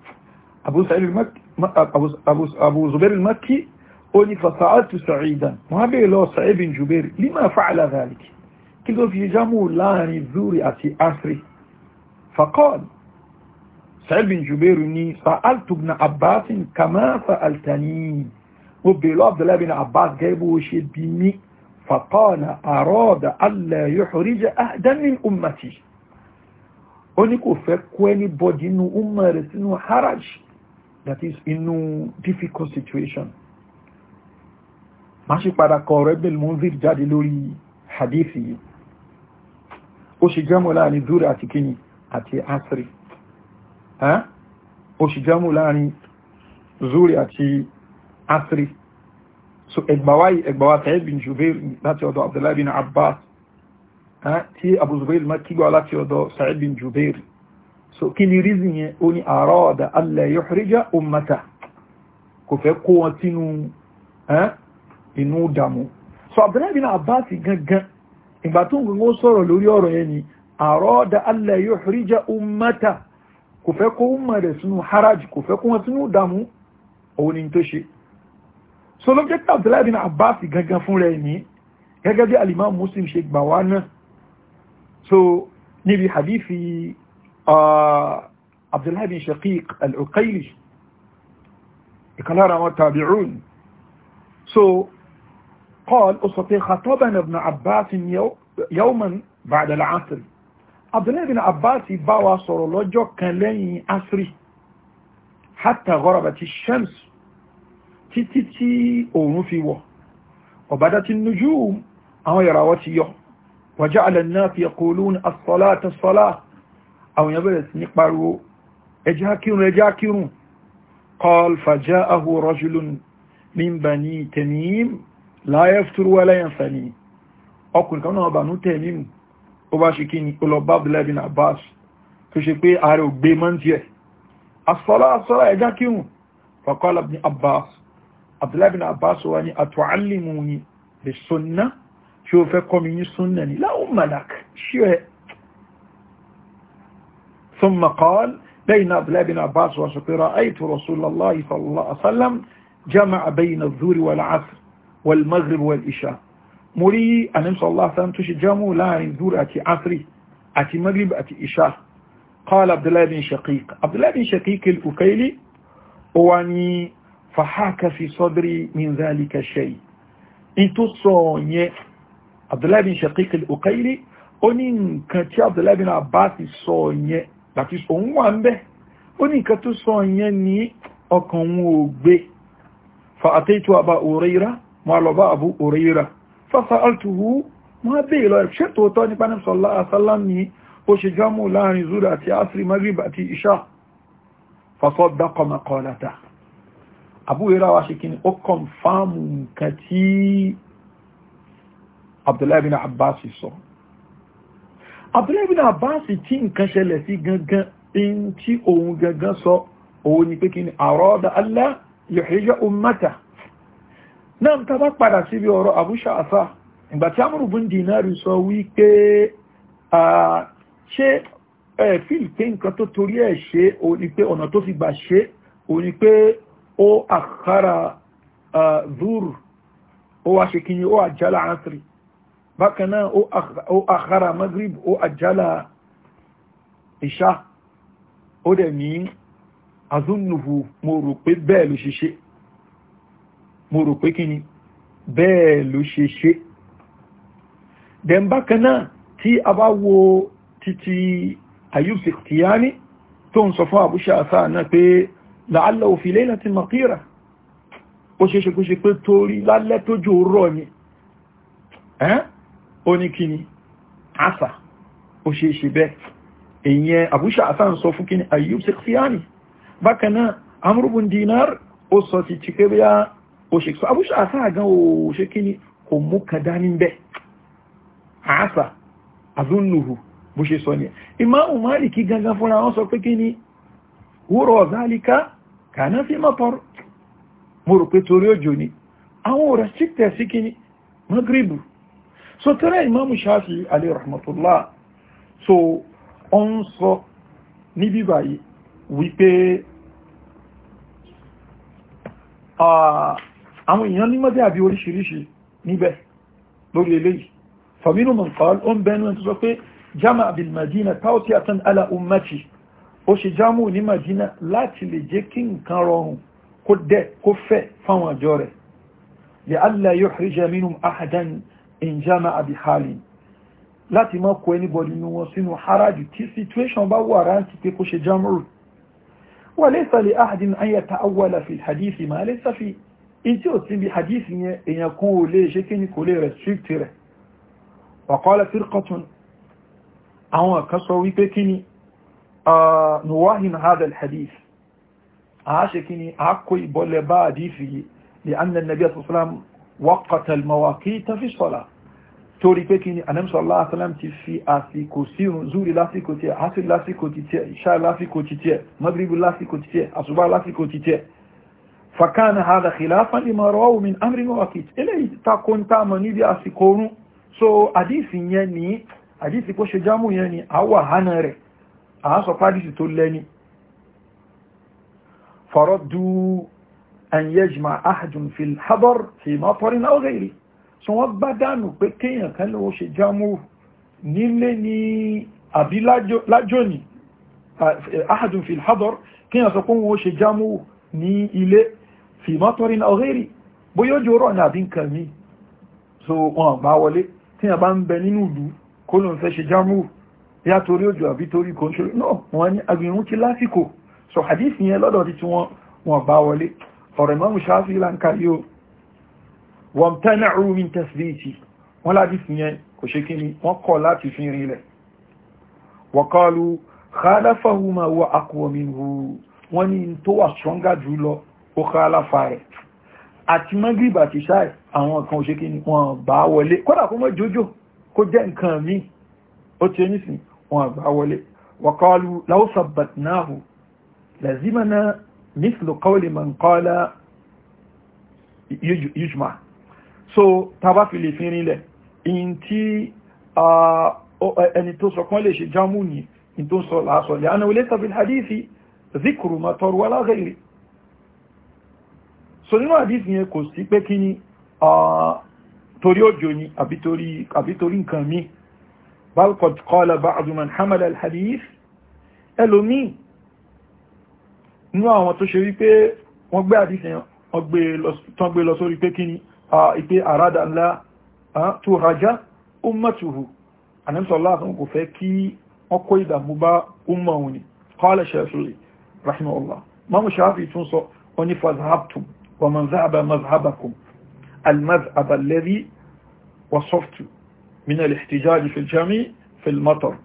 أبو سعيد المكي أبو, أبو, أبو زبير المكي ó ní fasa'altu Sa'idan wọ́n bèèrè lọ Sa'id bin Jubair lima fa'ala dhalik kí ló fi jámù láàrin zuri àti asri faqal Sa'id bin Jubair ní sa'altu ibn Abbas kama sa'altani mo bèèrè lọ Abdullahi bin Abbas gẹ́gbó ṣe bí ní faqala arada alla yuhrija ahadan min ummati ó ní kò fẹ́ kó ẹni bọ́dì inú umma sínú haraj that is inú difficult situation máa ṣe padà kọ ọ̀rọ̀ ibn munzir jáde lórí hadithi yìí ó ṣe jẹ́mù láàrin zuri àti kíni àti asiri ó ṣe jẹ́mù láàrin zuri àti asiri so ẹgbàwá ẹgbàwá Sa'id bin Jubair láti ọ̀dọ̀ Abdullahi bin Abbas tí Abu Zubair ma kígbà láti ọ̀dọ̀ Sa'id bin Jubair so kí ni rízìn yẹn ó ní àárọ̀ ọ̀dà alla yuhrija ummata kò fẹ́ kó wọn sínú inú dàmú so Abdullahi bin Abbas gangan ìgbà tó ń gbogbo sọ̀rọ̀ lórí ọ̀rọ̀ yẹn ni àrọ́dà alla yukhrija ummata kò fẹ́ kó ummà rẹ̀ sínú haraj kò fẹ́ kó wọn sínú dàmú òun ni tó ṣe so ló jẹ́ Abdullahi bin Abbas gangan fún rẹ̀ ní gẹ́gẹ́ bí alimam Muslim ṣe gbà wá náà so níbi hadithi ah, Abdullahi bin Shaqiq al-Uqayli ìkan lára àwọn so قال أستطيع خطبنا ابن عباس يوما بعد العصر عبد الله بن عباس باوا صرولوجو كان لين عصري حتى غربت الشمس تتي تي أونو في وه وبدت النجوم أو يراوتي يوم وجعل الناس يقولون الصلاة الصلاة أو يبدت نقبروا اجاكرون اجاكرون قال فجاءه رجل من بني تميم láyé fúrú ẹlẹ́yìn fẹ́ni ọkùnrin kan náà bànú tẹ̀mímù ó bá ṣe kí ni ó lọ abbas tó ṣe pé ààrẹ ò gbé mọ́ntì ẹ̀ asọ́lá asọ́lá ẹ̀já kírun faqala abbas abdullahi bin abbas wa ni atu'allimuni bi sunna tí ó ثم قال بين عبد الله بن عباس وشقي رأيت رسول الله صلى الله عليه وسلم جمع بين الظهر والعصر wal maghrib wal isha mo rí anamsọ́lá sáà tó ṣe jámù láàrin zúr àti asri àti maghrib àti isha قال عبد الله بن شقيق عبد الله بن شقيق الأكيلي واني فحاك في صدري من ذلك شيء انتو صوني عبد الله بن شقيق الأكيلي oni nkan tí abdullahi bin abbas sọ yẹn láti òun wà ń bẹ́ oni nkan tó sọ yẹn ní ọkàn wọn ò gbé fa àtẹ́tù àbá òreira máa lọ bá Abu Hurairah fasaltuhu máa bèèrè lọ ṣé tòótọ́ nípa ní sọ́lá àsálàm ní ó ṣe jámù láàrin zúra àti asiri maghrib àti isha fasaddaqa ma qalata Abu Hurairah wa ṣe kí ni ó kọ̀nfàmù nǹkan tí Abdullahi bin Abbas sọ Abdullahi bin Abbas tí nǹkan ṣẹlẹ̀ sí gangan in tí yuhija ummata náà ta bá padà síbi ọ̀rọ̀ àbúṣà àṣà ìgbà tí amúrùbù ń dìínárì sọ wípé ṣé fíìl pé nǹkan tó torí ẹ̀ ṣe o ni pé ọ̀nà tó fi gbà ṣe o ni pé ó àkàrà zúrù ó wá ṣe kíni ó àjálà ánsìrì bákan náà ó àkàrà magrib ó àjálà ìṣá ó dẹ̀ ní azúnnùhù mo rò pé bẹ́ẹ̀ ló ṣe ṣe mo rò pé kí ni bẹ́ẹ̀ ló ṣe ṣe dẹ̀mbákan náà tí a bá wo títí Ayub Sikhtiyani tó ń sọ fún Abu Sha'asa náà pé la'alla fi laylatin maqira ó ṣe ṣe kó ṣe pé torí lálẹ́ tójò rọ̀ ni ó ní kí ni asa ó ṣe ṣe bẹ́ẹ̀ èyàn Abu Sha'asa sọ fún kí ni Ayub Sikhtiyani bákan náà Amr ibn ó sọ ti ti kébíyà ó ṣe sọ abúṣà àṣà gan o ṣe kí ni kò mú kan dání bẹ́ àṣà àzúnnùhù bó ṣe sọ ní ìmáàmù Málìkì gangan fúnra wọn sọ pé kí ni wúrọ̀ zálíká kàná sí mọ́tọ́rọ̀ mo rò pé torí òjò ni àwọn òrà síkẹ̀ sí kí ni magribu so tẹ́rẹ ìmáàmù Ṣáfi'í alayhi rahmatullah so ọ ń sọ ní àwọn èèyàn ní mọ́dé àbí oríṣiríṣi níbẹ̀ lórí eléyìí fàmínú mọ̀kàl ó ń bẹnu ẹni tó sọ pé jama abil madina tauti atan ala ummati ó ṣe jámù ní madina láti lè jẹ́ kí nǹkan rọrùn kó dẹ̀ kó fẹ́ fáwọn àjọ rẹ̀ wà rántí pé kó ṣe jámù وليس لأحد أن يتأول في إنتي أتسمى حديثي إن يكون لي جيكيني كولي رسول تيري وقال فرقة أهو كسوي بكيني آه، نواهن هذا الحديث أعشكيني آه، أكوي آه، بولي با حديثي لأن النبي صلى الله عليه وسلم وقت المواقيت في الصلاة توري بكيني أنم صلى الله عليه وسلم تفي أثي كسي زوري لا في كتير أثي لا في كتير شاء لا في كتير مغرب لا في كتير أصبع لا في كتير فكان هذا خلافا لما رواه من امر وقيت الي تكون تامني دي اسكون so hadith yẹn ni hadith kò ṣe jamu yẹn ni àwa hana rẹ̀ a sọ hadith tó lẹ́ni faradu an yajma ahadun fil hadar fi matarin aw ghairi so wọ́n bá dànù pé kéèyàn kan ló ṣe jamu nílé ni àbí lájò ni eh, ahadun fil hadar kéèyàn sọ pé wọ́n ṣe jamu ní ilé fi mọ́tọ́rin ọ̀rẹ́rì bóyá ojú ọ̀rọ̀ ní àbí nǹkan so wọn bá wọlé tí a bá ń bẹ nínú ìlú kó ló ń fẹ́ ṣe jámù yá torí ojú àbí torí kò wọ́n ní so hadith yẹn lọ́dọ̀ ti tí wọ́n bá wọlé ọ̀rọ̀ ìmọ̀mù ṣááfì láǹkà yóò wọ́n tẹ́nà rúmin tẹ́sílẹ̀tì wọ́n láti fi yẹn kò ṣe kíni wọ́n kọ̀ láti fi rin ilẹ̀ wọ́kọ́lu khalafahu tó wà stronger jù lọ ó ká aláfa rẹ̀ àti mọ́gìrìbà ti ṣáì àwọn kan òṣèké ni wọ́n bá wọlé kódà kó mọ́ jójó kó jẹ́ nǹkan míì ó ti onísìn wọ́n bá wọlé wọ́kọ́lù láwọ́sàbàtìnáhù lẹ́zímọ́nà mísìlò kọ́lì mọ̀ nǹkọ́lá yíjùmá so tàbá fi lè fi rinlẹ̀ in tí ẹni tó sọ kán lè ṣe jámù ní so nínú àdísì yẹn kò sí pé kí ni torí òjò ni àbí torí nǹkan mi balkot kọ́lá bá àdúmàn hamad al-hadith ẹlòmí nínú àwọn tó ṣe wípé wọ́n gbé àdísì yẹn tán gbé lọ sórí pé kí ni ìpé àrádà ńlá tó rajá ummatuhu anẹ́sọ̀lá àtún kò fẹ́ kí wọ́n mamu shafi'i tún sọ wọ́n ni fazhabtum ومن ذهب مذهبكم المذهب الذي وصفت من الاحتجاج في الجامع في المطر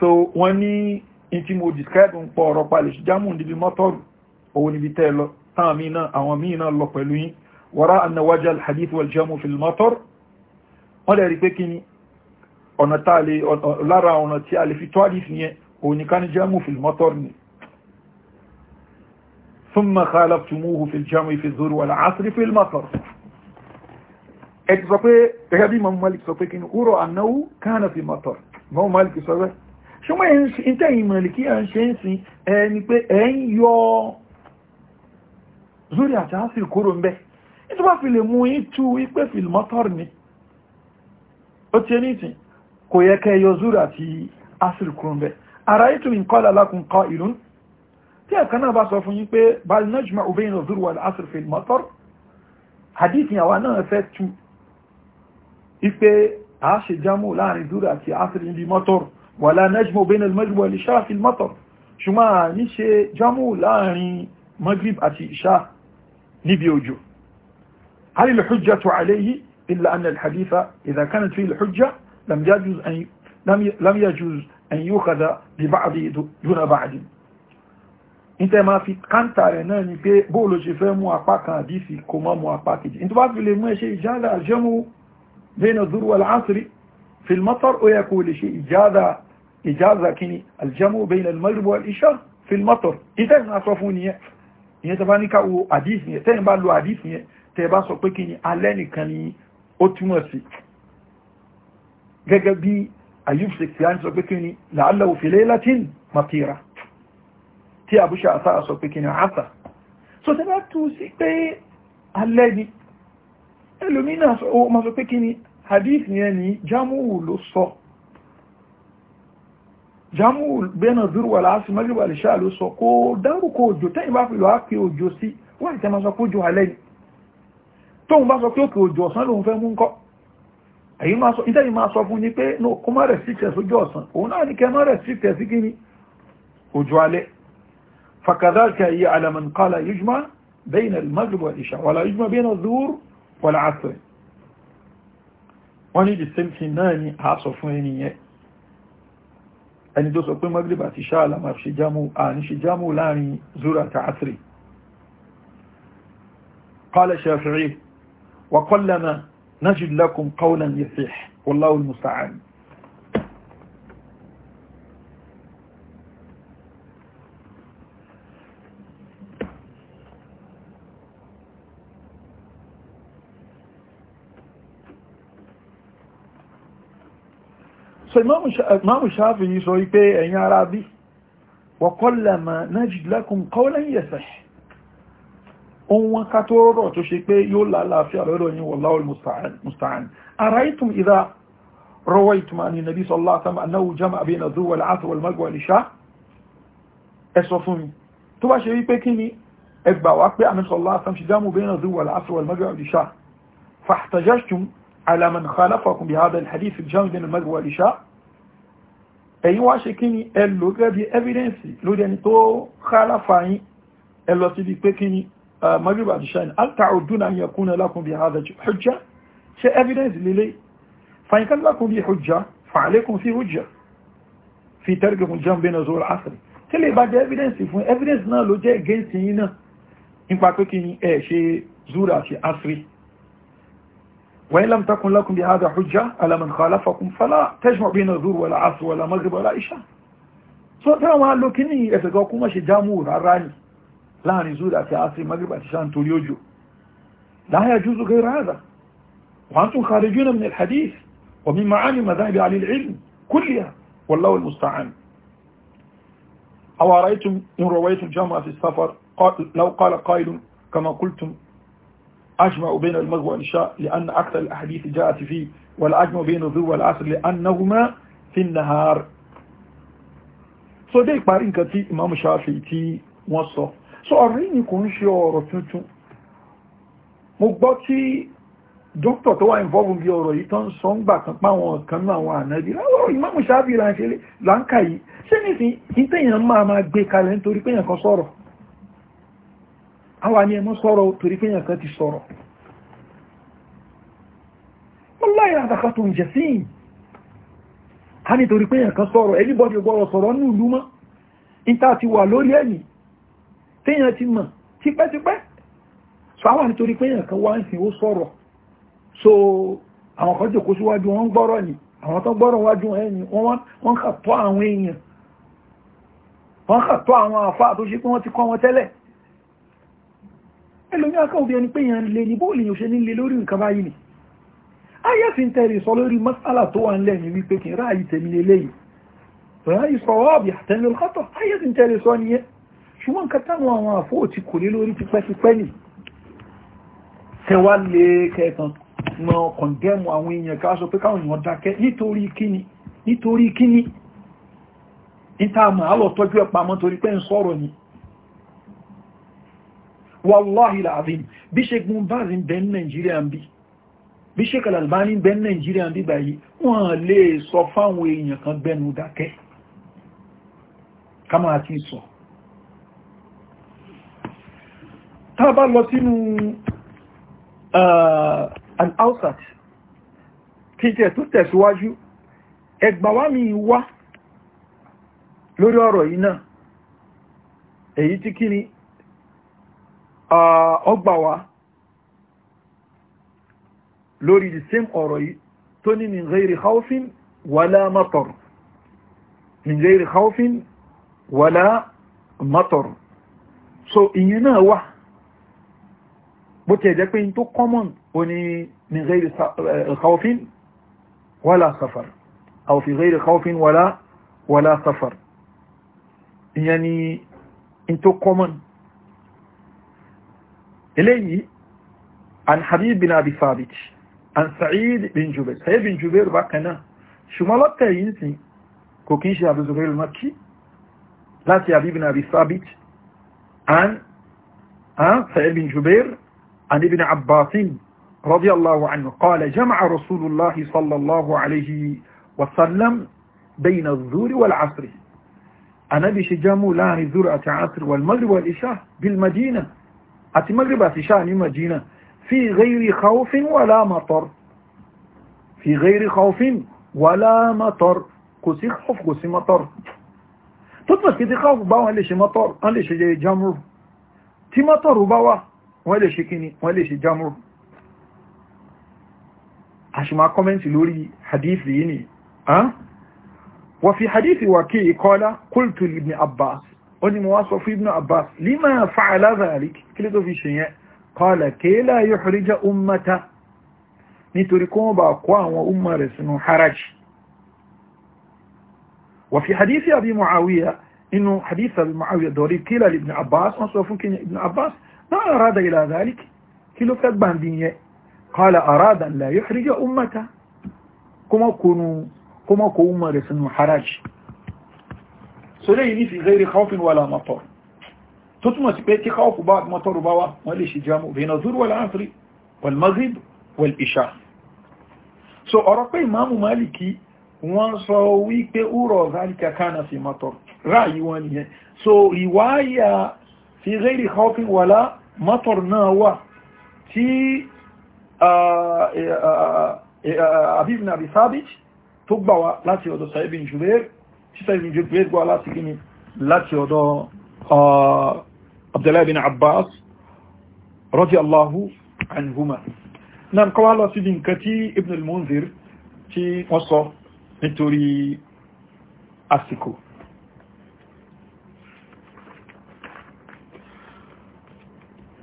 so wọ́n ní in tí mo describe ń pọ̀ ọ̀rọ̀ palẹ̀ ṣìjámù níbi mọ́tọ̀rù òun níbi tẹ́ lọ tán míì náà àwọn míì náà lọ pẹ̀lú yín wọ́rá annawaja alhadith wal jamu fi mọ́tọ̀rù wọ́n lè rí pé kí ni ọ̀nà lára ọ̀nà tí a lè fi tọ́ àdìsí yẹn òun ní ká jamu fi mọ́tọ̀rù ni ثم خالفتموه في الجمع في الظهر والعصر في المطر اتزبي غبي مام مالك سبيكين اورو انه كان في مطر مام مالك سبيكين ṣọ́mọ́ ìntẹ́ ìmọ̀lìkí à ń ṣe ń sin ẹni pé ẹ ń yọ zúrí àti áṣì kúrò ń bẹ́ ìtọ́bá fi lè mú ìtú ipé fìlmọ́tọ́rì ni ó ti ní ìsìn kò yẹ kẹ́ yọ zúrí àti áṣì kúrò ń bẹ́ ara ìtù nǹkan lalákùnkọ́ ìlú tí ẹ̀kan náà bá sọ fún yín pé balinajma obeyin ọdún wà lásìrò fi mọ́tọ́r hadith yàwá náà fẹ́ tu ipe a ṣe jámù láàrin dúró àti asìrì níbi mọ́tọ́r wà lánàjma obeyin almajma wà lè ṣáà fi mọ́tọ́r ṣùgbọ́n a ní ṣe jámù láàrin magrib àti ìṣá níbi òjò هل الحجة عليه إلا أن الحديث إذا كانت فيه الحجة لم يجوز أن لم يجوز أن يؤخذ ببعض دون بعض níta máa fi káńtà rẹ̀ náà ni pé bóòlù ṣe fẹ́ mú apá kan àdísì kò mọ́ mú apá kejì nítorí wàá fi lè mú ẹṣẹ́ ìjáàdà jẹ́mú bẹ́ẹ̀nà zuru al-asri fi al-matar ó yẹ kó lè ṣe ìjáàdà kìíní al-jamu bẹ́ẹ̀nà al-maghrib wal-isha fi al-matar níta ìmọ̀ sọ fún nìyẹn ìyẹn tó bá ní ká ni ó tí àbúṣà àsáà sọ pé kìnnà àtà so tẹ́ bá tú sí pé alẹ́ ni ẹlòmínà ó ma sọ pé hadith yẹn ni jámùú ló sọ jamu bena duru wala asi magribu alisha ló sọ kó dárúkọ òjò tẹ́yìn bá fi lọ á pé òjò sí wọ́n ìtẹ́ ma sọ pé òjò alẹ́ ni no kó má rẹ̀ sí tẹ̀ sójú ni òjò فكذلك هي على من قال يجمع بين المغرب والعشاء ولا يجمع بين الظهور والعصر وني دي سمتي ناني عصر دوس أقول مغرب أتشاء لما رشي جامو آني شي جامو لاني زورة عصري قال الشافعي وقلما نجد لكم قولا يصح والله المستعان ما فالمام الشافعي سويته يا ربي وقل ما نجد لكم قولا يصح أو كتورو تشيكي يولا لا في الرؤية والله المستعان مستعان أرأيتم إذا رويتم عن النبي صلى الله عليه وسلم أنه جمع بين الذو والعاث والملك والإشاء أسوفوني تبا شيء بكيني أكبا وأكبا أن صلى الله عليه وسلم جمع بين الذو والعاث والملك والإشاء فاحتجشتم على من خالفكم بهذا الحديث الجمع بين الملك والإشاء ẹ̀yin wá ṣe kí ni ẹ lò gẹ́gẹ́ bí evidence lórí ẹni tó khalafa yín ẹ lọ síbi pé kí ni magrib àti shine alta'uduna an yakuna lakum ṣe evidence lélẹ̀ fa in kana lakum bi hujja fa alaykum fi hujja fi tarkikum jambi na zuwa asr tí lè bá jẹ́ evidence fún evidence náà ló jẹ́ against yín náà nípa pé kí ni ẹ ṣe zura àti asri وإن لم تكن لكم بهذا حجة على من خالفكم فلا تجمع بين الظهر ولا عصر ولا مغرب ولا عشاء. سوطرة ما قال له كني يفقاكم ماشي جامور عراني لا نزول أتي عصر مغرب أتشان توليوجو لا يجوز غير هذا وأنتم خارجون من الحديث ومن معاني مذاهب أهل العلم كلها والله المستعان أو رأيتم إن رويتم جامعة في السفر لو قال قائل كما قلتم أجمع بين المغ والعشاء لأن أكثر الأحاديث جاءت فيه ولا بين الظهر والعصر لأنهما في النهار so dé ìparí nǹkan tí imam shafi tí so ọ̀rọ̀ yìí kò ń ṣe ọ̀rọ̀ tuntun mo gbọ́ tí dókítà tó wà involve bí ọ̀rọ̀ yìí tán sọ ń gbà kan páwọn kan náà àwọn ànábì láwọn imam shafi là ń ṣe láǹkà yìí ṣé nìsín ìtẹ̀yàn máa máa gbé àwọn àni ẹmọ́ sọ́rọ̀ torí pé yànkan ti sọ̀rọ̀ wallahi adakhatun jasim a ní torí pé yànkan sọ̀rọ̀ everybody gbọ́rọ̀ sọ̀rọ̀ ní ìlú mọ́ ìta ti wà lórí ẹ̀yìn téèyàn ti mọ̀ tipẹ́tipẹ́ so àwọn àni torí pé yànkan wá ń sìn ó sọ̀rọ̀ so àwọn kan jòkó síwájú wọn gbọ́rọ̀ ni àwọn tó wọ́n kà tọ́ àwọn àfáà tó ṣe pé wọ́n ti kọ́ wọn tẹ́lẹ̀ ẹlòmí ọkọ̀ òbí ẹni pé yẹn lè ní bóòlù yóò ṣe nílé lórí nǹkan báyìí ni ayé fi ń tẹ̀rì sọ lórí masala tó wà nílẹ̀ ní wípé kì í ráàyè tẹ̀mí eléyìí ráàyè sọ wọ́ọ̀bì àtẹ̀mí olùkọ́tọ̀ ayé fi ń tẹ̀rì sọ nìyẹn ṣùgbọ́n nǹkan táwọn àwọn àfọ òtí kò lé lórí tipẹ́tipẹ́ nì tẹwa lè kẹkàn mọ kọ̀ndẹ́mù àwọn èèyàn ká sọ pé káwọn èèyàn dákẹ́ nítorí kíni nítorí kíni níta àmọ́ àlọ́ tọ́jú ni wallahi la'azim bí sheik mumbaz ń bẹ ní nigeria ń bí bí sheik alalbani ń bẹ ní nigeria ń bí báyìí wọ́n lè sọ fáwọn èèyàn kan bẹnu dákẹ́ ká máa ti sọ tá bá lọ sínú uh, al-ausat títẹ̀ tó tẹ̀síwájú ẹgbàwá mi wá lórí ọ̀rọ̀ yìí náà èyí tí kí ni ọgbà wa lórí the same ọ̀rọ̀ yìí tó ní min ghairi khawfin wala matar min ghairi so ìyẹn náà wà bó tẹ̀ jẹ́ pé in tó common o ní min ghairi khawfin wala safar aw fi ghairi khawfin safar ìyẹn ni tó common إليه عن حبيب بن أبي ثابت عن سعيد بن جبير سعيد بن جبير بقنا شو ما لقى ينسي كوكيش أبو زغير المكي لا حبيب بن أبي ثابت عن سعيد بن جبير عن ابن عباس رضي الله عنه قال جمع رسول الله صلى الله عليه وسلم بين الزور والعصر أنا بشجامو لا الظهر والعصر والمغرب والإشاء بالمدينة àti Maghrib àti ṣáà ní Madina fi ghairi khawfin wala matar fi ghairi khawfin wala matar kò sí khawf kò sí matar tó tún sí ti khawf bá wọn lè ṣe matar wọn lè ṣe jẹ jamru tí matar bá wà wọn lè ṣe kíni wọn lè ṣe jamru a ṣe máa kọ́mẹ́ntì lórí hadithi yìí ni ah? wọ́n fi hadithi wà kí ìkọ́lá qultu ibn Abbas قلني مواصف ابن عباس لما فعل ذلك كلي في شيء قال كي لا يحرج أمة نتركوه باقوى وأمة رسنو حرج وفي حديث أبي معاوية إنه حديث معاوية دوري كلا لابن عباس مصرف كن ابن عباس ما أراد إلى ذلك كلو كتبان دينية قال أراد أن لا يحرج أمة كما كنوا كما كنوا أمة رسنو حرج so lè yìí ní fi gẹ́rì káwọ́fin wà láàmọ́tọ̀ tó túnmọ̀ sí pé tí káwọ́fù bá mọ́tọ̀rù bá wá wọ́n lè ṣe jámù bẹ̀yìn azúrù wà láàfírí wal maghrib wal isha so ọ̀rọ̀ pé ìmáàmù Málìkì wọ́n sọ wípé úrọ̀ zálìkà kánà fi mọ́tọ̀ so ìwáyà fi gẹ́rì káwọ́fin wà láàmọ́tọ̀rù náà wà tí àbíbìn àbí sábìt tó gbà wá láti ọ̀dọ̀ sàíbìn jùlẹ́rì títẹ̀ ìjọ pé gbọ́ láti gíní láti ọ̀dọ̀ Abdullahi bin Abbas radiyallahu anhuma náà kọwa lọ sí nǹkan tí Ibn al-Munzir tí wọ́n sọ nítorí àsìkò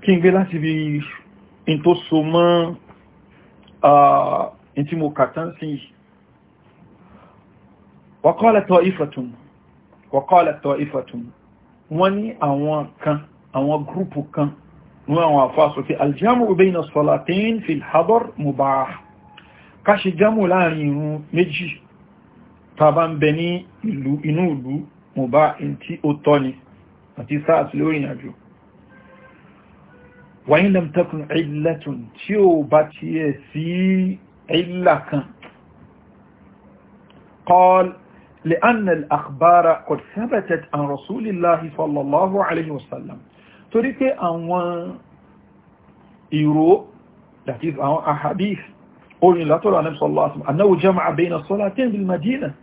kí n gbé láti bí in tó so mọ́ in mo kàtán sí waqalat ta'ifatun waqalat ta'ifatun wọ́n ní àwọn kan àwọn gúrùpù kan ní àwọn àfáàsòfin aljamu bayna salatain fil hadar mubah ká ṣe jámù láàrin irun méjì tàbá ń bẹ ní ìlú inú ìlú mubah tí ó tọ́ ni àti sáàs lórí ìrìnàjò wa in lam tí ó bá tiẹ̀ sí ìlà kan qal لأن الأخبار قد ثبتت عن رسول الله صلى الله عليه وسلم تريد أن يرو that is our ahadith orin látọ́rọ̀ anẹ́bí sallallahu alaihi wasallam annahu jama'a bayna salatin bil madina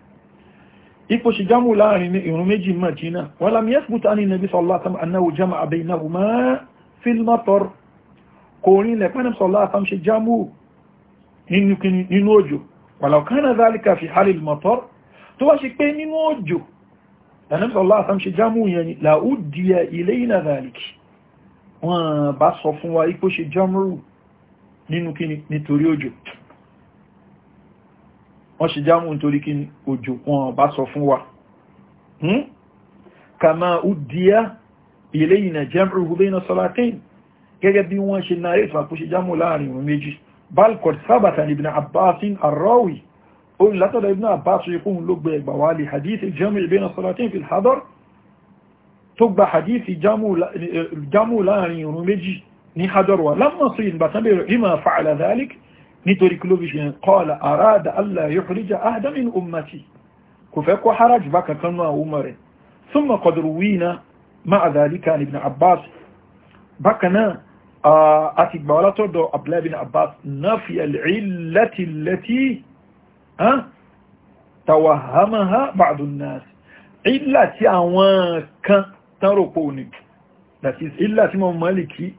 ipò ṣe jámù láàrin ìrun méjì madina wa lam yathbut an nabi sallallahu alaihi wasallam annahu jama'a baynahuma fil matar kò rin lẹ̀ pẹ́nà sallallahu alaihi wasallam ṣe jámù nínú òjò wa law kana dhalika fi halil matar tó wá ṣe pé nínú òjò ẹ̀nẹ́sọ̀lá àtàmṣe jámù yẹn ni làúdìyà ilé ìnàdàlìkì wọ́n bá sọ fún wa ipò ṣe jámùrù nínú kíni nítorí òjò wọ́n ṣe jámù nítorí kíni òjò wọ́n bá sọ fún wa kàmà údìyà ilé ìnà jámùrù hùbẹ́ iná sọlátín قل لا ترى ابن عباس يقوم لك بوالي حديث الجمع بين الصلاتين في الحضر تبع حديث الجمع لا ينمجي ني حضر ولم نصير بسبب لما فعل ذلك نتريك لوفيش قال أراد ألا يخرج أهدا من أمتي كفاك وحرج بك كما أمر ثم قد روينا مع ذلك عن ابن عباس بكنا أتبالة دو أبلا بن عباس نفي العلة التي tàwàhámáhá bàdùnnàs ìlà tí àwọn kan tán rọ̀pọ̀ òní that is ìlà tí wọ́n mọ́lìkí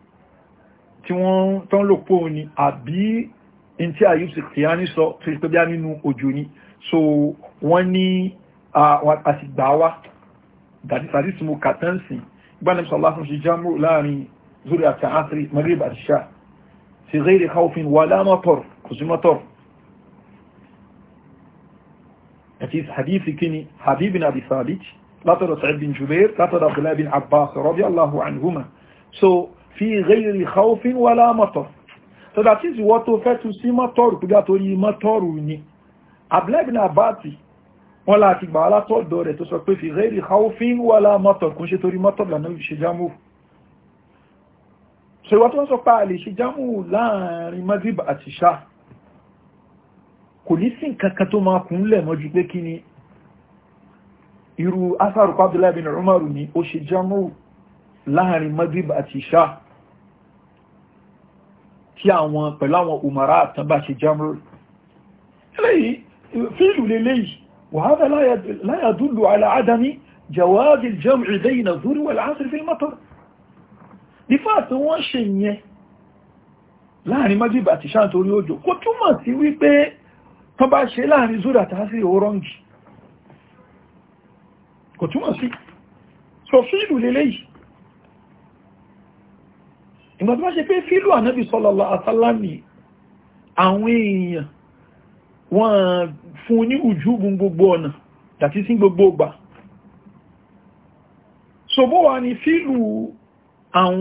tí wọ́n tán rọ̀pọ̀ òní àbí in tí àyíkù sí kìíyàní sọ tó ṣe pé bí a nínú òjò ni so wọ́n ní àtìgbàwá that is àti sumo katansi ìgbàlẹ̀ sọ̀lá fún ṣe jámù láàrin zuri àti hadithi kini habib bin abi sabit látọ̀dọ̀ لا ترى jubair látọ̀dọ̀ abdullahi bin abbas radiyallahu anhuma so في غير khawfin ولا matar so that is what to fẹ́ tún sí mọ́tọ́rù tó gbá torí mọ́tọ́rù ni abdullahi bin abbas wọ́n láti gbà látọ̀dọ̀ rẹ̀ tó sọ pé fi ghayri khawfin wala matar kún ṣe torí mọ́tọ́rù lànà ṣe jámù so ìwọ́n tó wọ́n sọ pé a lè ṣe jámù láàrin maghrib àti kò ní sí nǹkan kan tó máa kún lẹ̀ mọ́jú pé kí ni irú asaru abdullahi bin umaru ni ó ṣe jamu láàrin maghrib àti isha tí àwọn pẹ̀lú àwọn umara àtàn bá ṣe jamu eléyìí fíìlù leléyìí wàhálà láyàdúlù aláàdáni jawaz al-jam' bayna láàrin maghrib àti isha òjò kò túmọ̀ sí wípé tó bá ṣe láàrin zúrà tàà sí orange kò túnmọ̀ sí so fíìlù lélẹ́ yìí ìgbà tó bá ṣe pé fíìlù ànábì sọ́lọ́lọ́ àtàlámì àwọn èèyàn wọ́n fún ní ujúbùn gbogbo ọ̀nà tàbí sí gbogbo ọgbà so bó wà ní fíìlù àwọn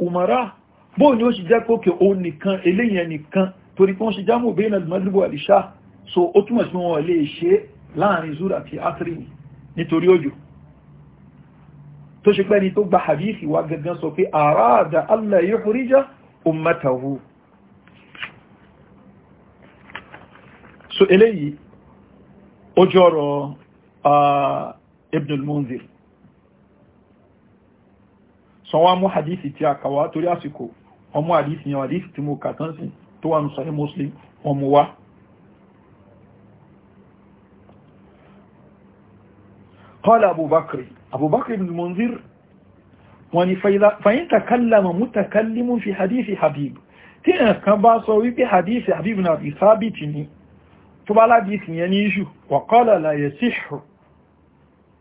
umara bóò ni ó ṣe jẹ́ pókè ó nìkan eléyìn nìkan torí pé wọ́n ṣe jámù bẹ́ẹ̀ náà lùmọ́dúbò àdìṣá so ó túmọ̀ sí wọn lè ṣe láàrin zura àti atrini nítorí òjò tó ṣe pẹ́ni tó gba hadithi wa gangan sọ pé àràádà allah yukhrija ummatahu so eléyìí ó jọrọ ibn al-munzir sanwó mú hadithi tí a torí àsìkò ọmọ àdífì yàn àdífì tí mo kà tán sí tó wà ní sọ́yí muslim ọmọ wá qala abubakar abubakar ibn munzir wọ́n ni fàyín takallama mutakallimun fi hadithi habib tí ẹ̀ kan bá sọ wípé hadithi habib na fi sábìtì ni tó bá ládìsì yẹn ní iṣu wa qala la yasihhu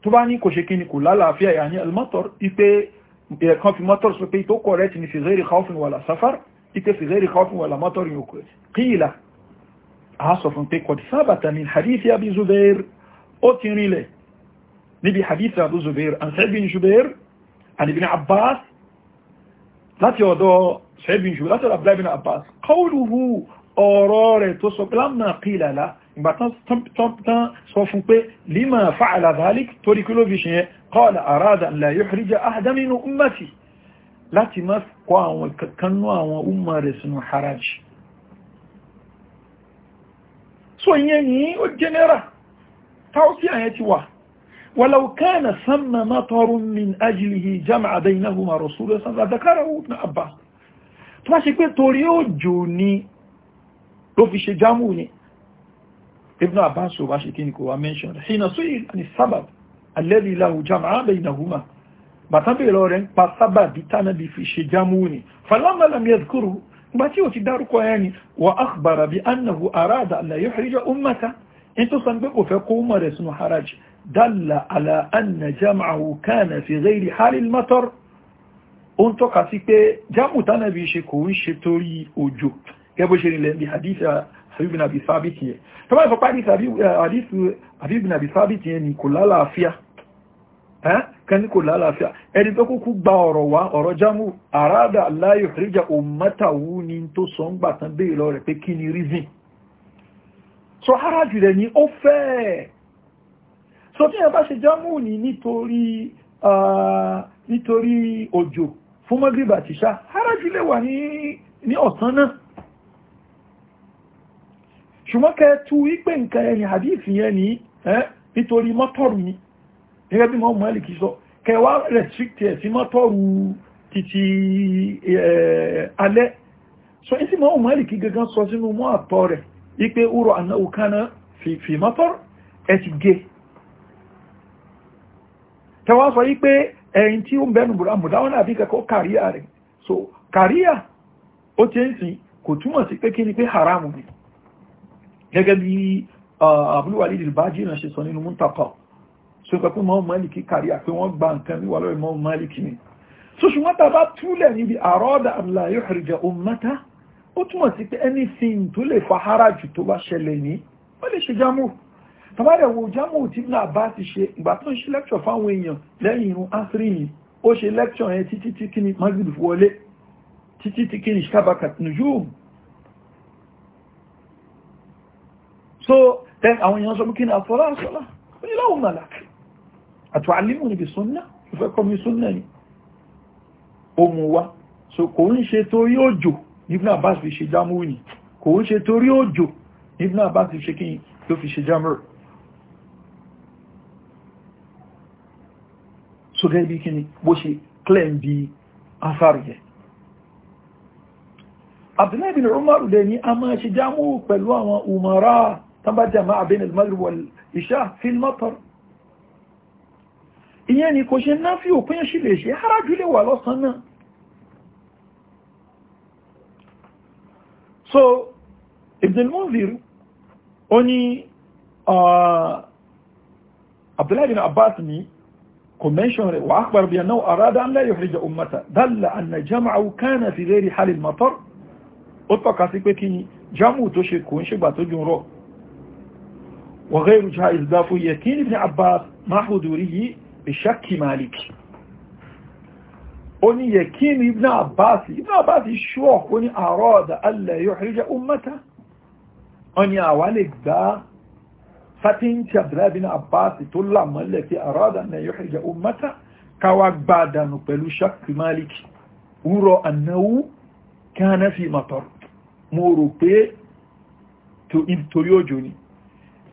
tó bá ní kò ṣe kí ni kò lálàáfíà yà ní almatar ipé kan fi mọ́tọ̀ sọ pé tó correct ni fi ghairi khawfin wala safar ike fi ghairi khawfin wala mọ́tọ̀ yóò kọ̀ kíìlà a sọ fún pé qad sabata min hadithi abi zubair ó ti rinlẹ̀ níbi hadithi abu zubair an sa'id bin jubair an ibn abbas láti ọ̀dọ̀ sa'id bin jubair láti ọ̀dọ̀ abdullahi bin abbas qawluhu ọ̀rọ̀ rẹ̀ tó sọ qila la ìgbà tán sọ fún pé lima fa'ala dhalik torí kí ló fi ṣe yẹn qala arada an la yuhrija ahada min ummati láti má kọ àwọn kankanú àwọn umma rẹ̀ sínú haraj so yẹn yìí ó jẹ́nẹ́rà táwọ́sí àyẹ́ ti wà ولو كان ثم مطر من أجله جمع بينهما رسول الله ذكره ابن عباس tó bá ṣe pé torí ibn abbas wa ṣe kíni kò wá mention hina su'il an sabab alladhi lahu jam'a baynahuma bàtàbí lọ rẹ̀ ń pa sábàbí tánàbí fi ṣe jámú ni falamma lam yadhkuru gbà tí ó ti dárúkọ ẹ̀ ni wà akhbara bí annahu arada alla yuhrija ummata in tó san pé kò fẹ́ kó mọ̀ rẹ̀ sínú haraj dalla ala anna jam'ahu kana fi ghairi halil matar ó ń tọ́ka sí pé jámù tánàbí ṣe kò ń ṣe torí òjò gẹ́bó ṣe nílẹ̀ bí hadith sàbí ibn abi sábìtì yẹn tó bá sọ pé àdìsù àbí ibn abi sábìtì yẹn ni kò lálàáfíà kẹ́ni kò lálàáfíà ẹni tó kúkú gba ọ̀rọ̀ wá ọ̀rọ̀ jámù àràdà láyò ríjà òmátàwú ni tó sọ ń gbà tán béèrè lọ rẹ̀ pé kí ni reason so harajù rẹ̀ ni ó fẹ́ so tí yẹn bá ṣe jámù ni nítorí nítorí òjò fún mọ́gìrìbà tíṣà harajù lè wà ní ọ̀sán náà ṣùgbọ́n kẹ tú wípé nǹkan ẹ̀yìn hadith yẹn ní nítorí mọ́tọ̀rù ni gẹ́gẹ́ bí mọ́mọ́ ẹ̀lì kìí sọ kẹ wá restrict ẹ̀ sí mọ́tọ̀rù títí alẹ́ so ní sí mọ́mọ́ ẹ̀lì kìí gẹ́gẹ́ sọ sínú mọ́ àtọ́ rẹ̀ wípé urọ̀ àna fi mọ́tọ̀rù ẹ̀ ti gé kẹ wá sọ wípé ẹ̀yìn tí ó ń bẹ́nu bùrọ̀ àmùdáwọn àbí kẹ́kọ̀ọ́ kàríyà rẹ̀ so kàríyà ó ti ń sìn kò túmọ̀ sí pé kí ni pé haramu ni gẹ́gẹ́ bí abúlúwàlì ìdìbájì ìrìn ṣe sọ nínú múntàkọ̀ so pẹ̀pẹ́ mọ́ mọ́lìkì kàrí àpé wọ́n gba nǹkan ní wà lọ́rẹ̀ mọ́ mọ́lìkì ni so ṣùgbọ́n tàbá túlẹ̀ níbi àrọ́dà àmìláyò àrìjà òmátá ó túmọ̀ sí pé anything tó lè fa harajù tó bá ṣẹlẹ̀ ní wọ́n lè ṣe jámù tàbá rẹ̀ wo jámù tí náà bá ti ṣe ìgbà tó ń so then àwọn èèyàn sọ mú kí ni àfọ́lá àṣọ́lá ó ní láwọn mọ̀lá àtò àlímù níbi súnnà ìfẹ́ kọ́ mi súnnà ni ó mú wá so kò ń ṣe torí òjò Ibn Abbas fi ṣe jámù ni kò ń ṣe torí òjò Ibn Abbas fi ṣe kí ló fi ṣe jámù rẹ̀ so gẹ́gẹ́ bí kí ni bó ṣe clem bí afárì yẹn Abdullahi bin Umar dẹ̀ ni a máa ṣe jámù pẹ̀lú àwọn umara طب جماعة بين المغرب والإشاء في المطر يعني كوشنا في وبين شي بيجي حراجو لي والو صنع سو ابن المنذر اوني آه عبد الله بن عباس ني كومنشن واخبر بانه اراد ان لا يحرج امته دل ان جمعه كان في غير حال المطر اوتو كاسيكو جامو توشي كونشي باتو جون وغير جائز ضاف يكين ابن عباس مع حضوره بشك مالك أني يكين ابن عباس ابن عباس الشوح أني أراد ألا يحرج أمته أني أولك ذا فتن شبلا ابن عباس طلع من التي أراد أن يحرج أمته كواك بعد نقبل شك مالك أرى أنه كان في مطر مورو بي تو انتوريو جوني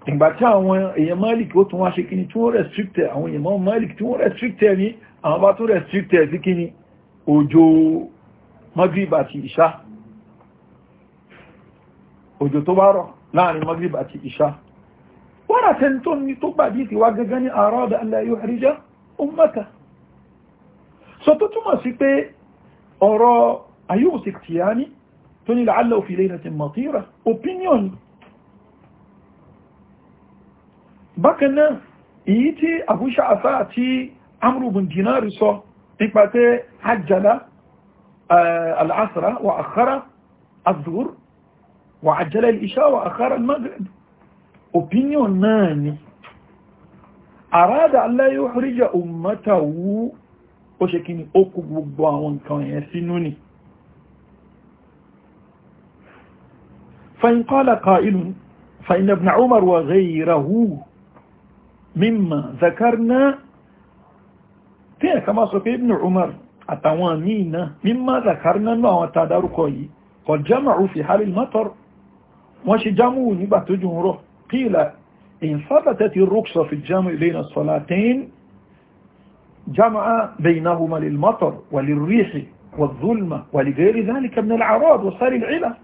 ìgbà tí àwọn èèyàn malik ó tún wá ṣe kíni tí wọ́n restricted àwọn èèyàn malik tí wọ́n restricted ní àwọn bá tún restricted sí kíni òjò magrib àti ìṣá òjò tó bá rọ̀ láàrin magrib àti ìṣá wọ́n àtẹni tó ní tó gbàdí ti wá gẹ́gẹ́ ní àrọ́dà aláyò bákan náà èyí tí àbúṣà àfá àti amrùbùn dínárì sọ nípa pé àjàdá al'asra wa àkàrà azur wa àjàdá ìṣà wa àkàrà magrib opinion náà ni àrádà aláyò ríjà òmátàwú ó ṣe kí ni ó kú gbogbo àwọn nǹkan yẹn sínú ni فإن قال قائل فإن ابن عمر وغيره مما ذكرنا تيه كما صفي ابن عمر أتوانينا مما ذكرنا ما هو تداركوي قد جمعوا في حال المطر وش جمعوني باتجمرو قيل إن ثبتت الرقصة في الجمع بين الصلاتين جمع بينهما للمطر وللريح والظلمة ولغير ذلك من العراض وصار العلا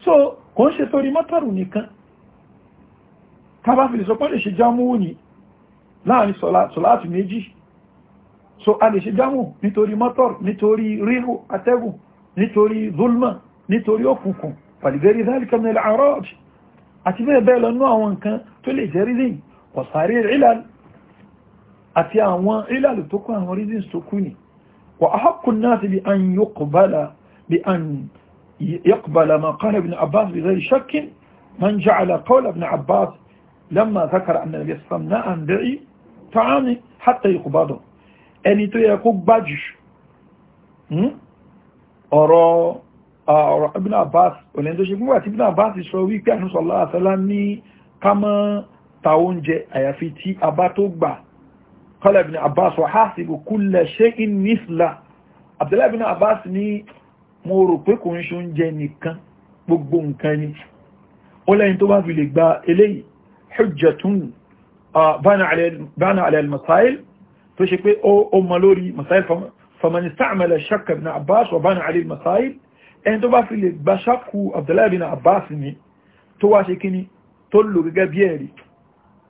سو so, كونش تولي مطر ونكا tàbá fi lè sọ pé lè ṣe jámù ní láàrin sọ̀láàtì méjì so a lè ṣe jámù nítorí mọ́tọ̀r nítorí ríhù atẹ́gùn nítorí zulma nítorí òkùnkùn pàdìgẹ́rí zálika min al-a'rad àti bẹ́ẹ̀ bẹ́ẹ̀ lọ́nú àwọn nǹkan tó lè jẹ́ rízìn ọ̀sàrí ìlàl àti àwọn ìlàl tó kún àwọn rízìn tó kú ni wà ahaqqun nasi bi an yuqbala bi an yuqbala لما ذكر أن النبي صلى الله عليه وسلم نعم دعي طعامي حتى يقبضه ẹni tó yẹ kó gbájù hmm? ọ̀rọ̀ ọ̀rọ̀ Ibn Abbas olẹ́ni tó ṣe fún àti Ibn Abbas sọ wípé àṣùsọ̀lá àtàlá ní kámọ́ ta oúnjẹ àyàfi tí a bá tó gbà qala Ibn Abbas wa hasibu kulla shay'in misla Abdullah Ibn Abbas ní mo rò pé kò ń ṣe oúnjẹ gbogbo nǹkan ni ó lẹ́yìn tó bá fi lè gba eléyìí hujjatun uh, bana alẹ́ masáìl tó ṣe pé ó mọ lórí masáìl famani sàmàlẹ̀ shakka bin abbas wa bana alẹ́ masáìl ẹni tó bá fi lè gba shakku abdullahi bin abbas ni tó wá ṣe kíní tó lò gẹ́gẹ́ bí ẹ̀rí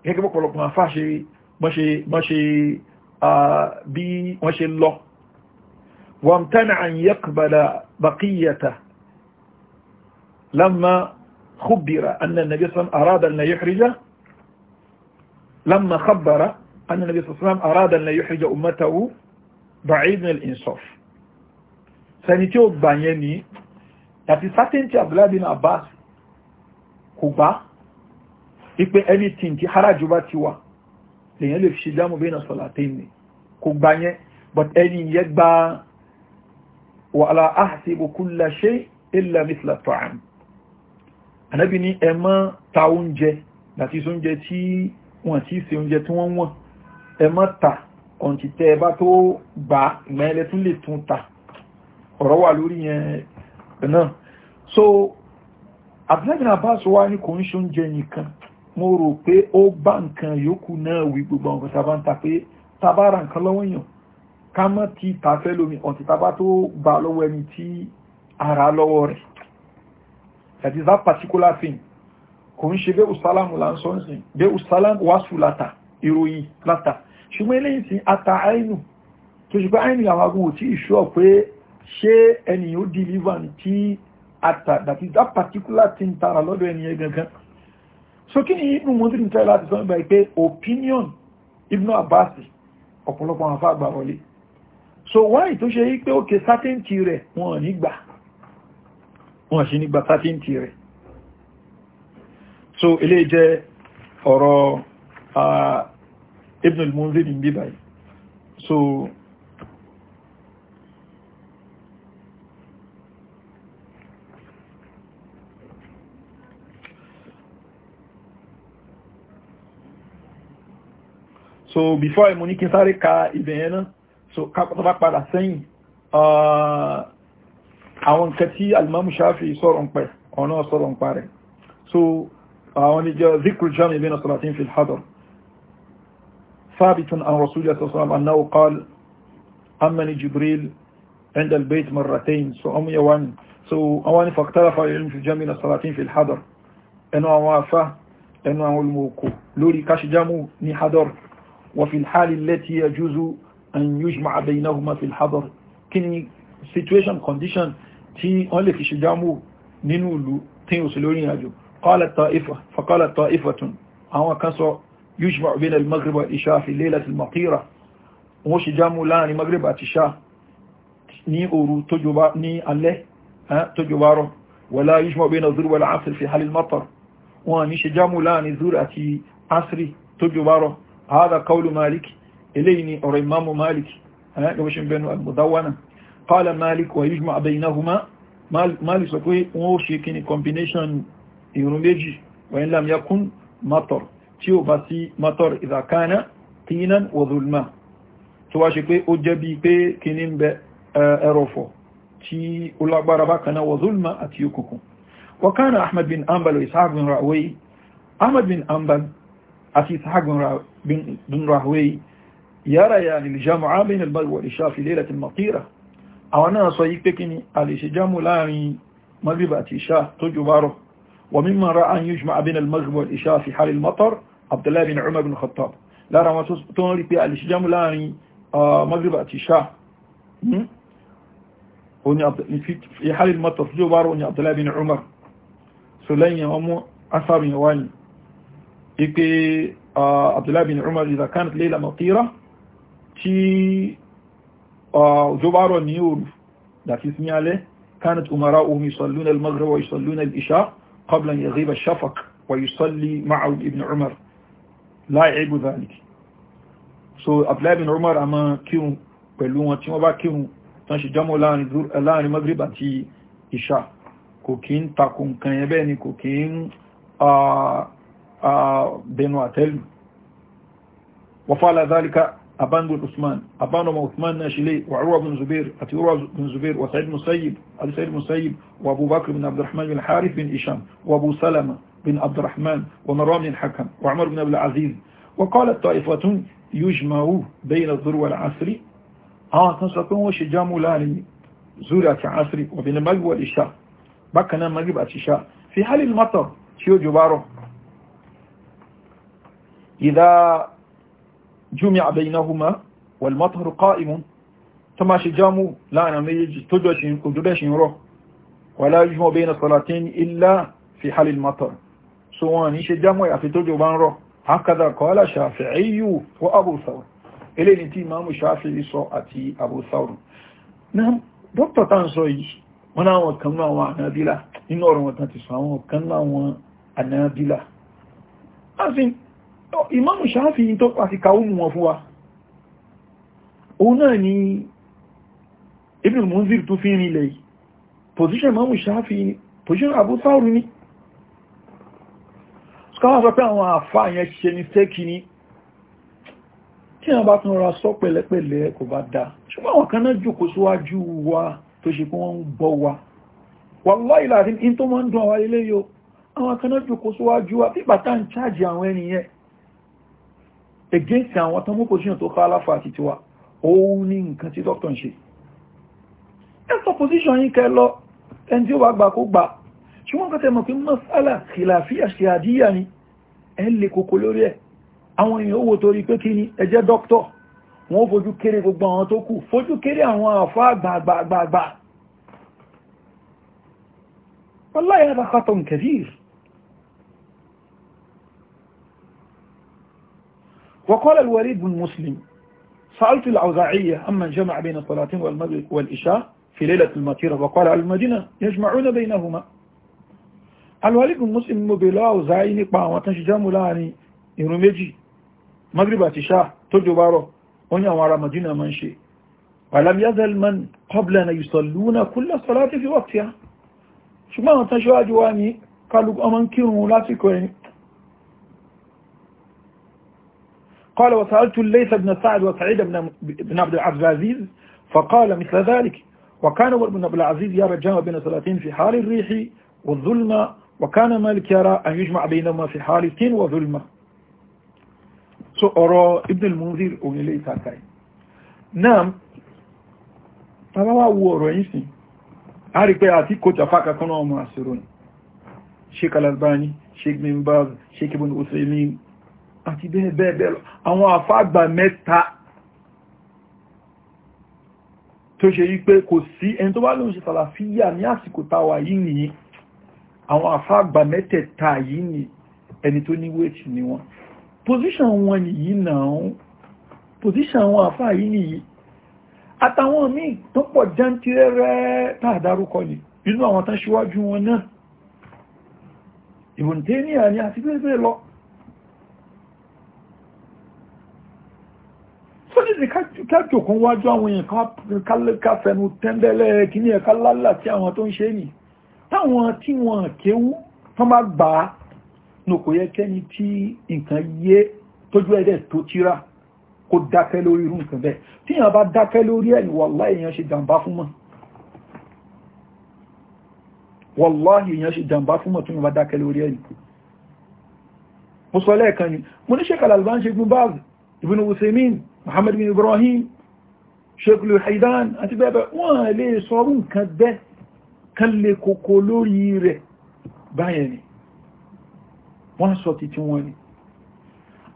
gẹ́gẹ́ pọ̀pọ̀lọpọ̀ àfá ṣe uh, bí lọ wọ́n tánà àn yẹ́kùbàdà bàkíyàta لما خبر أن النبي صلى الله عليه وسلم أراد أن يحرجه لما خبر أن النبي صلى الله عليه وسلم أراد أن لا يحرج أمته بعيد من الإنصاف سنتي وبانيني àti certainty Abdullahi bin Abbas kò bá ipe anything tí haraju bá ti wà lèyàn lè fi ṣe dámù bí iná sọ̀lá tẹ́ni kò gbá yẹn but ẹni yẹ gbá wà ala ahsibu kulla shay illa mithla ta'am anábi ni ẹmọ́ ta oúnjẹ àti oúnjẹ tí wọn tí ṣe oúnjẹ tí wọ́n wọ̀n ẹ má ta ọ̀ǹtì tẹ́ bá tó gbà ìgbà tún lè tún ta ọ̀rọ̀ wà lórí yẹn náà so abdullahi abbas wá ní kò ń ṣe oúnjẹ nìkan mo rò pé ó bá nǹkan yòókù náà wí gbogbo àwọn nǹkan tá a bá ń ta pé tá a bá ra nǹkan lọ́wọ́ èèyàn ká mọ́ ti ta fẹ́ lómi ọ̀ǹtì tá a bá tó gbà lọ́wọ́ ẹni tí ara lọ́wọ́ rẹ̀ that is that particular thing kò ń ṣe bẹ́ẹ̀ usalamu lansọ́nsìn bẹ́ẹ̀ usalamu wasu lata ìròyìn lata ṣùgbọ́n eléyìí sí ata ainu tó ṣe pé ainu àwọn agun tí ìṣọ́ pé ṣé ẹniyàn ó deliver tí ata that is that particular thing tara lọ́dọ̀ ẹniyàn gangan so kí ni ibnu mundiri tẹ́ láti sọ nígbà pé opinion ibnu abbas ọ̀pọ̀lọpọ̀ àwọn afáàgbà wọlé so why tó ṣe yí pé ó ké sátẹ́ǹtì rẹ̀ wọn ò ní gbà wọn ò ṣe ní gbà sátẹ́ǹtì rẹ̀ so ilé jẹ́ ọ̀rọ̀ ibn al-munzir ń bí báyìí so so before ẹ mo ní kí n sáré ka ibẹ̀ yẹn náà so kápọ̀tọ́ bá padà sẹ́yìn àwọn nǹkan tí alimamu ṣáfi sọ̀rọ̀ ń pẹ̀ ọ̀nà sọ̀rọ̀ ń parẹ̀ so آه، ذكر الجامع بين الصلاتين في الحضر ثابت عن رسول الله صلى الله عليه وسلم أنه قال أمني جبريل عند البيت مرتين سو سأمي وان أواني فاختلف العلم في الجامع بين الصلاتين في الحضر أنه أوافه أنه الموكو لوري كاش جامو ني حضر وفي الحال التي يجوز أن يجمع بينهما في الحضر كني situation condition تي أولي كيش جامو نينو لو تيوس لوري قال الطائفة فقال الطائفة هو كسو يجمع بين المغرب والإشاء في ليلة المطيرة وش جامو لان يعني المغرب والإشاء ني أورو تجوبا ني أليه تجوبارو ولا يجمع بين الظهر والعصر في حال المطر ونش جامو لان يعني الظهر أتي عصر تجوبارو هذا قول مالك إليني أو إمام مالك يوشن بين المدونة قال مالك ويجمع بينهما مال مالك سكوي وش يكيني كومبينيشن ìrun méjì wọ́n lam yakun matar tí ó bá sí matar ìzàkánà tínan wa zulma tó wá ṣe pé ó jẹ́ bí pé kíní ń bẹ ẹrọ̀fọ̀ tí ó lágbára bákaná wa zulma àti òkùnkùn wakana ahmad bin ambal ishaq bin rahway ahmad bin ambal àti ishaq bin rahway yára ya nìlìjàmù àmì ìlbàlwà ìṣàfi lélẹ̀tì ومما رأى أن يجمع بين المغرب والإشاء في حال المطر عبد الله بن عمر بن الخطاب لا رأى رسول تنري في الإشجام لا يعني آه، مغرب أتشاء في حال المطر في جوبار وني عبد الله بن عمر سليم يوم أصاب يوان آه، يكي عبد الله بن عمر إذا كانت ليلة مطيرة تي آه، جوبار وني يورف لكن سمي عليه كانت أمراؤهم يصلون المغرب ويصلون الإشاء قبل أن يغيب الشفق ويصلي معه ابن عمر لا يعيب ذلك so Abdullah ibn Umar a máa kírun pẹ̀lú wọn tí wọ́n bá kírun tán ṣe jámọ́ láàrin Maghrib àti Isha kò kí ń takò nǹkan yẹn bẹ́ẹ̀ ni kò kí ń bẹnu àtẹ́lù wọ́fà aláàzáríká أبان بن عثمان أبان بن عثمان ناشلي وعروة بن زبير أتيروة بن زبير وسعيد بن سيب أبي سعيد بن سيب وأبو بكر بن عبد الرحمن بن حارث بن إشام وأبو سلمة بن عبد الرحمن ومرام بن الحكم وعمر بن عبد العزيز وقال الطائفة يجمع بين الظهر والعصر آه تنسطون وشجام لاني زورة عصر وبين المغرب والإشاء بكنا مجب أتشاء في حال المطر شيو جباره إذا júmi àbẹ̀yìnáhùmá wàlmọ́tàrù káìmù tó máa ṣe jámù láàrin méjì tó jọ sí òjúdẹ̀ṣin rọ̀ wà láàájúmọ̀ bẹ́ iná sọ̀látín ilá fi halil matar so wọn ní ṣe jámù àfi tó jọ bá ń rọ̀ hakada kọ́lá ṣàfi'íyù wa abúsáwọ̀ ilé ni tí imamu ṣàfi'í sọ àti abúsáwọ̀ na dókítà tá ń sọ yìí wọn àwọn kan náà àwọn ànábílà nínú ọ̀rọ̀ wọn kan ti sọ àwọn kan náà àwọn ànábílà ìmáàmù Ṣáfi'í tó pàtí kàúmù wọn fún wa òun náà ni Ibn al tó fi rí ilẹ̀ yìí position ìmáàmù Ṣáfi'í position Abu Thawr ni skáwà sọ pé àwọn àfá yẹn ṣe ní sẹ́kì ni tí wọ́n bá tún ra sọ pẹ̀lẹ́pẹ̀lẹ́ kò bá dáa ṣùgbọ́n àwọn kan náà síwájú wa tó ṣe kí wọ́n ń bọ́ wa wallahi láti ní tó máa ń dùn àwọn ilé yóò àwọn kan náà síwájú wa pípàtà ń chájì àwọn ẹniyẹn against àwọn tán mú position tó kálàfà àti tiwa òun ní nǹkan tí dr ń ṣe ẹ̀sọ̀ position yìí kẹ lọ ẹni tí ó wà gbà kó gbà ṣùgbọ́n kẹta mọ̀ pé masala khilafiyya shihadiyya ni ẹ lè kòkó lórí ẹ̀ àwọn èèyàn owó torí pé kí ni ẹ jẹ́ dr wọ́n fojú kéré gbogbo àwọn tó kù fojú kéré àwọn àfá àgbààgbààgbà wallahi hada khatun kathir وقال الوليد بن مسلم سألت الأوزاعية اما جمع بين الصلاة والمغرب والإشاء في ليلة المطيرة وقال على المدينة يجمعون بينهما الوليد بن مسلم مبلا أوزاعي نقبع وتنشجام لاني يرميجي مغرب أتشاء ترجو بارو ونيا وارا مدينة منشي ولم يزل من قبلنا يصلون كل صلاة في وقتها شو ما tánṣíwájú wá قالوا kálùkù ọmọ ń قال وسألت ليس بن سعد وسعيد بن عبد العزيز فقال مثل ذلك وكان ابن بن عبد العزيز يرى الجمع بين صلاتين في حال الريح والظلمة وكان مالك يرى أن يجمع بينهما في حال التين وظلمة سأرى ابن المنذر ليس ساكاي نعم طبعا هو رئيسي أريد بي أتي كوتا فاكا كنوا شيك الألباني شيك من باز شيك ابن أسلمين àti bẹ́ẹ̀ bẹ́ẹ̀ bẹ́ẹ̀ lọ àwọn àfáàgbà mẹ́ta tó ṣe yí pé kò sí ẹni tó bá lóun ṣe sàlàfíyà ní àsìkò táwà yìí nìyí àwọn àfáàgbà mẹ́tẹ̀ẹ̀ta yìí ni ẹni tó ní wéètì ni wọn pòsíṣàn wọn nìyí náà pòsíṣàn wọn àfáà yìí ni nínú níbi kẹ́kọ̀ọ́ kan wájú àwọn èèyàn káfẹ́nu tẹ́ńbẹ́lẹ́ kí ní ẹ̀ka lálà tí àwọn tó ń ṣe nì táwọn tí wọ́n kéwú tán bá gbà á nù kò yẹ kẹ́ni tí nǹkan yé tójú ẹ̀dẹ̀ tó tíra kó dákẹ́ lórí irú nǹkan bẹ́ẹ̀ tí èèyàn bá dákẹ́ lórí ẹ̀ ní wàláhì èèyàn ṣe jàǹbá fún mọ́ Muhammad bin Ibrahim Sheikh Al-Haydan àti bẹ́ẹ̀bẹ̀ wọ́n lè sọrún kan bẹ́ kan lè kòkó lórí rẹ̀ báyẹ̀ ni wọ́n sọ títí wọn ni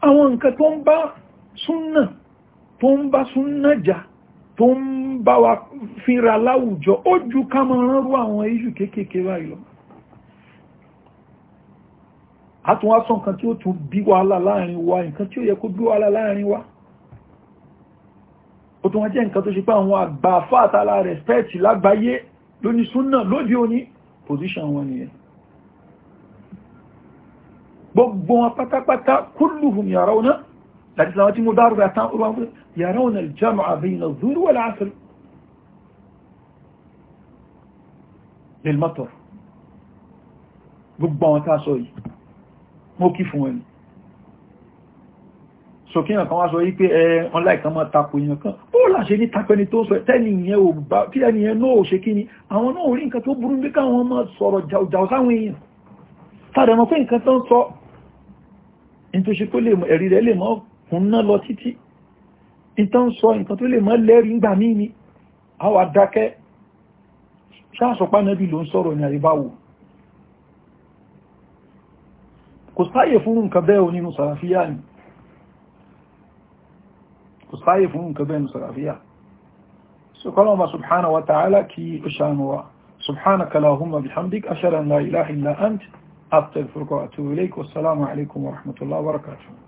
àwọn nǹkan tó ń bá súnnà tó ń bá súnnà jà tó ń bá wa fínra láwùjọ ó ju ká mọ́ ránrú àwọn iṣu kéékèèké báyìí lọ a tún wá sọ nǹkan tí ó tún bí wàhálà láàrin wa nǹkan tí ó yẹ kó bí wàhálà láàrin wa ó tún wá jẹ́ nǹkan tó ṣe pé àwọn àgbà fàtàlà respect lágbàáyé lóní súnà lóde òní position wọn nìyẹn gbogbo wọn pátápátá kulluhum yarawna láti láwọn tí mo dárúgbà tán ó wá wọ́n yarawna al-jam'a bayna adh so kí ẹ̀kan wá sọ yí pé ẹ ọláìkan máa tako èèyàn kan ó láṣẹ ní tapẹni tó sọ tẹ́ni yẹn ò bá kí ẹni yẹn náà ò ṣe kí ni àwọn náà rí nǹkan tó burú bí káwọn máa sọ̀rọ̀ jàù sáwọn èèyàn tàbí ẹmọ pé nǹkan tó ń sọ in tó ṣe pé ẹ̀rí rẹ̀ lè mọ́ kún ná lọ títí in tó ń sọ nǹkan tó lè mọ́ lẹ́rí ń gbà mí ni àwọn adákẹ́ ṣáàsọpá náà bí ló ń sọ̀rọ̀ ní àríbáwò kò sáyè fún nǹkan bẹ́ẹ̀ onínú sàràfíà ni طائف كبين صلافية سؤال الله سبحانه وتعالى كي أشان سبحانك اللهم بحمدك أشهد أن لا إله إلا أنت أتغفرك وأتوب إليك والسلام عليكم ورحمة الله وبركاته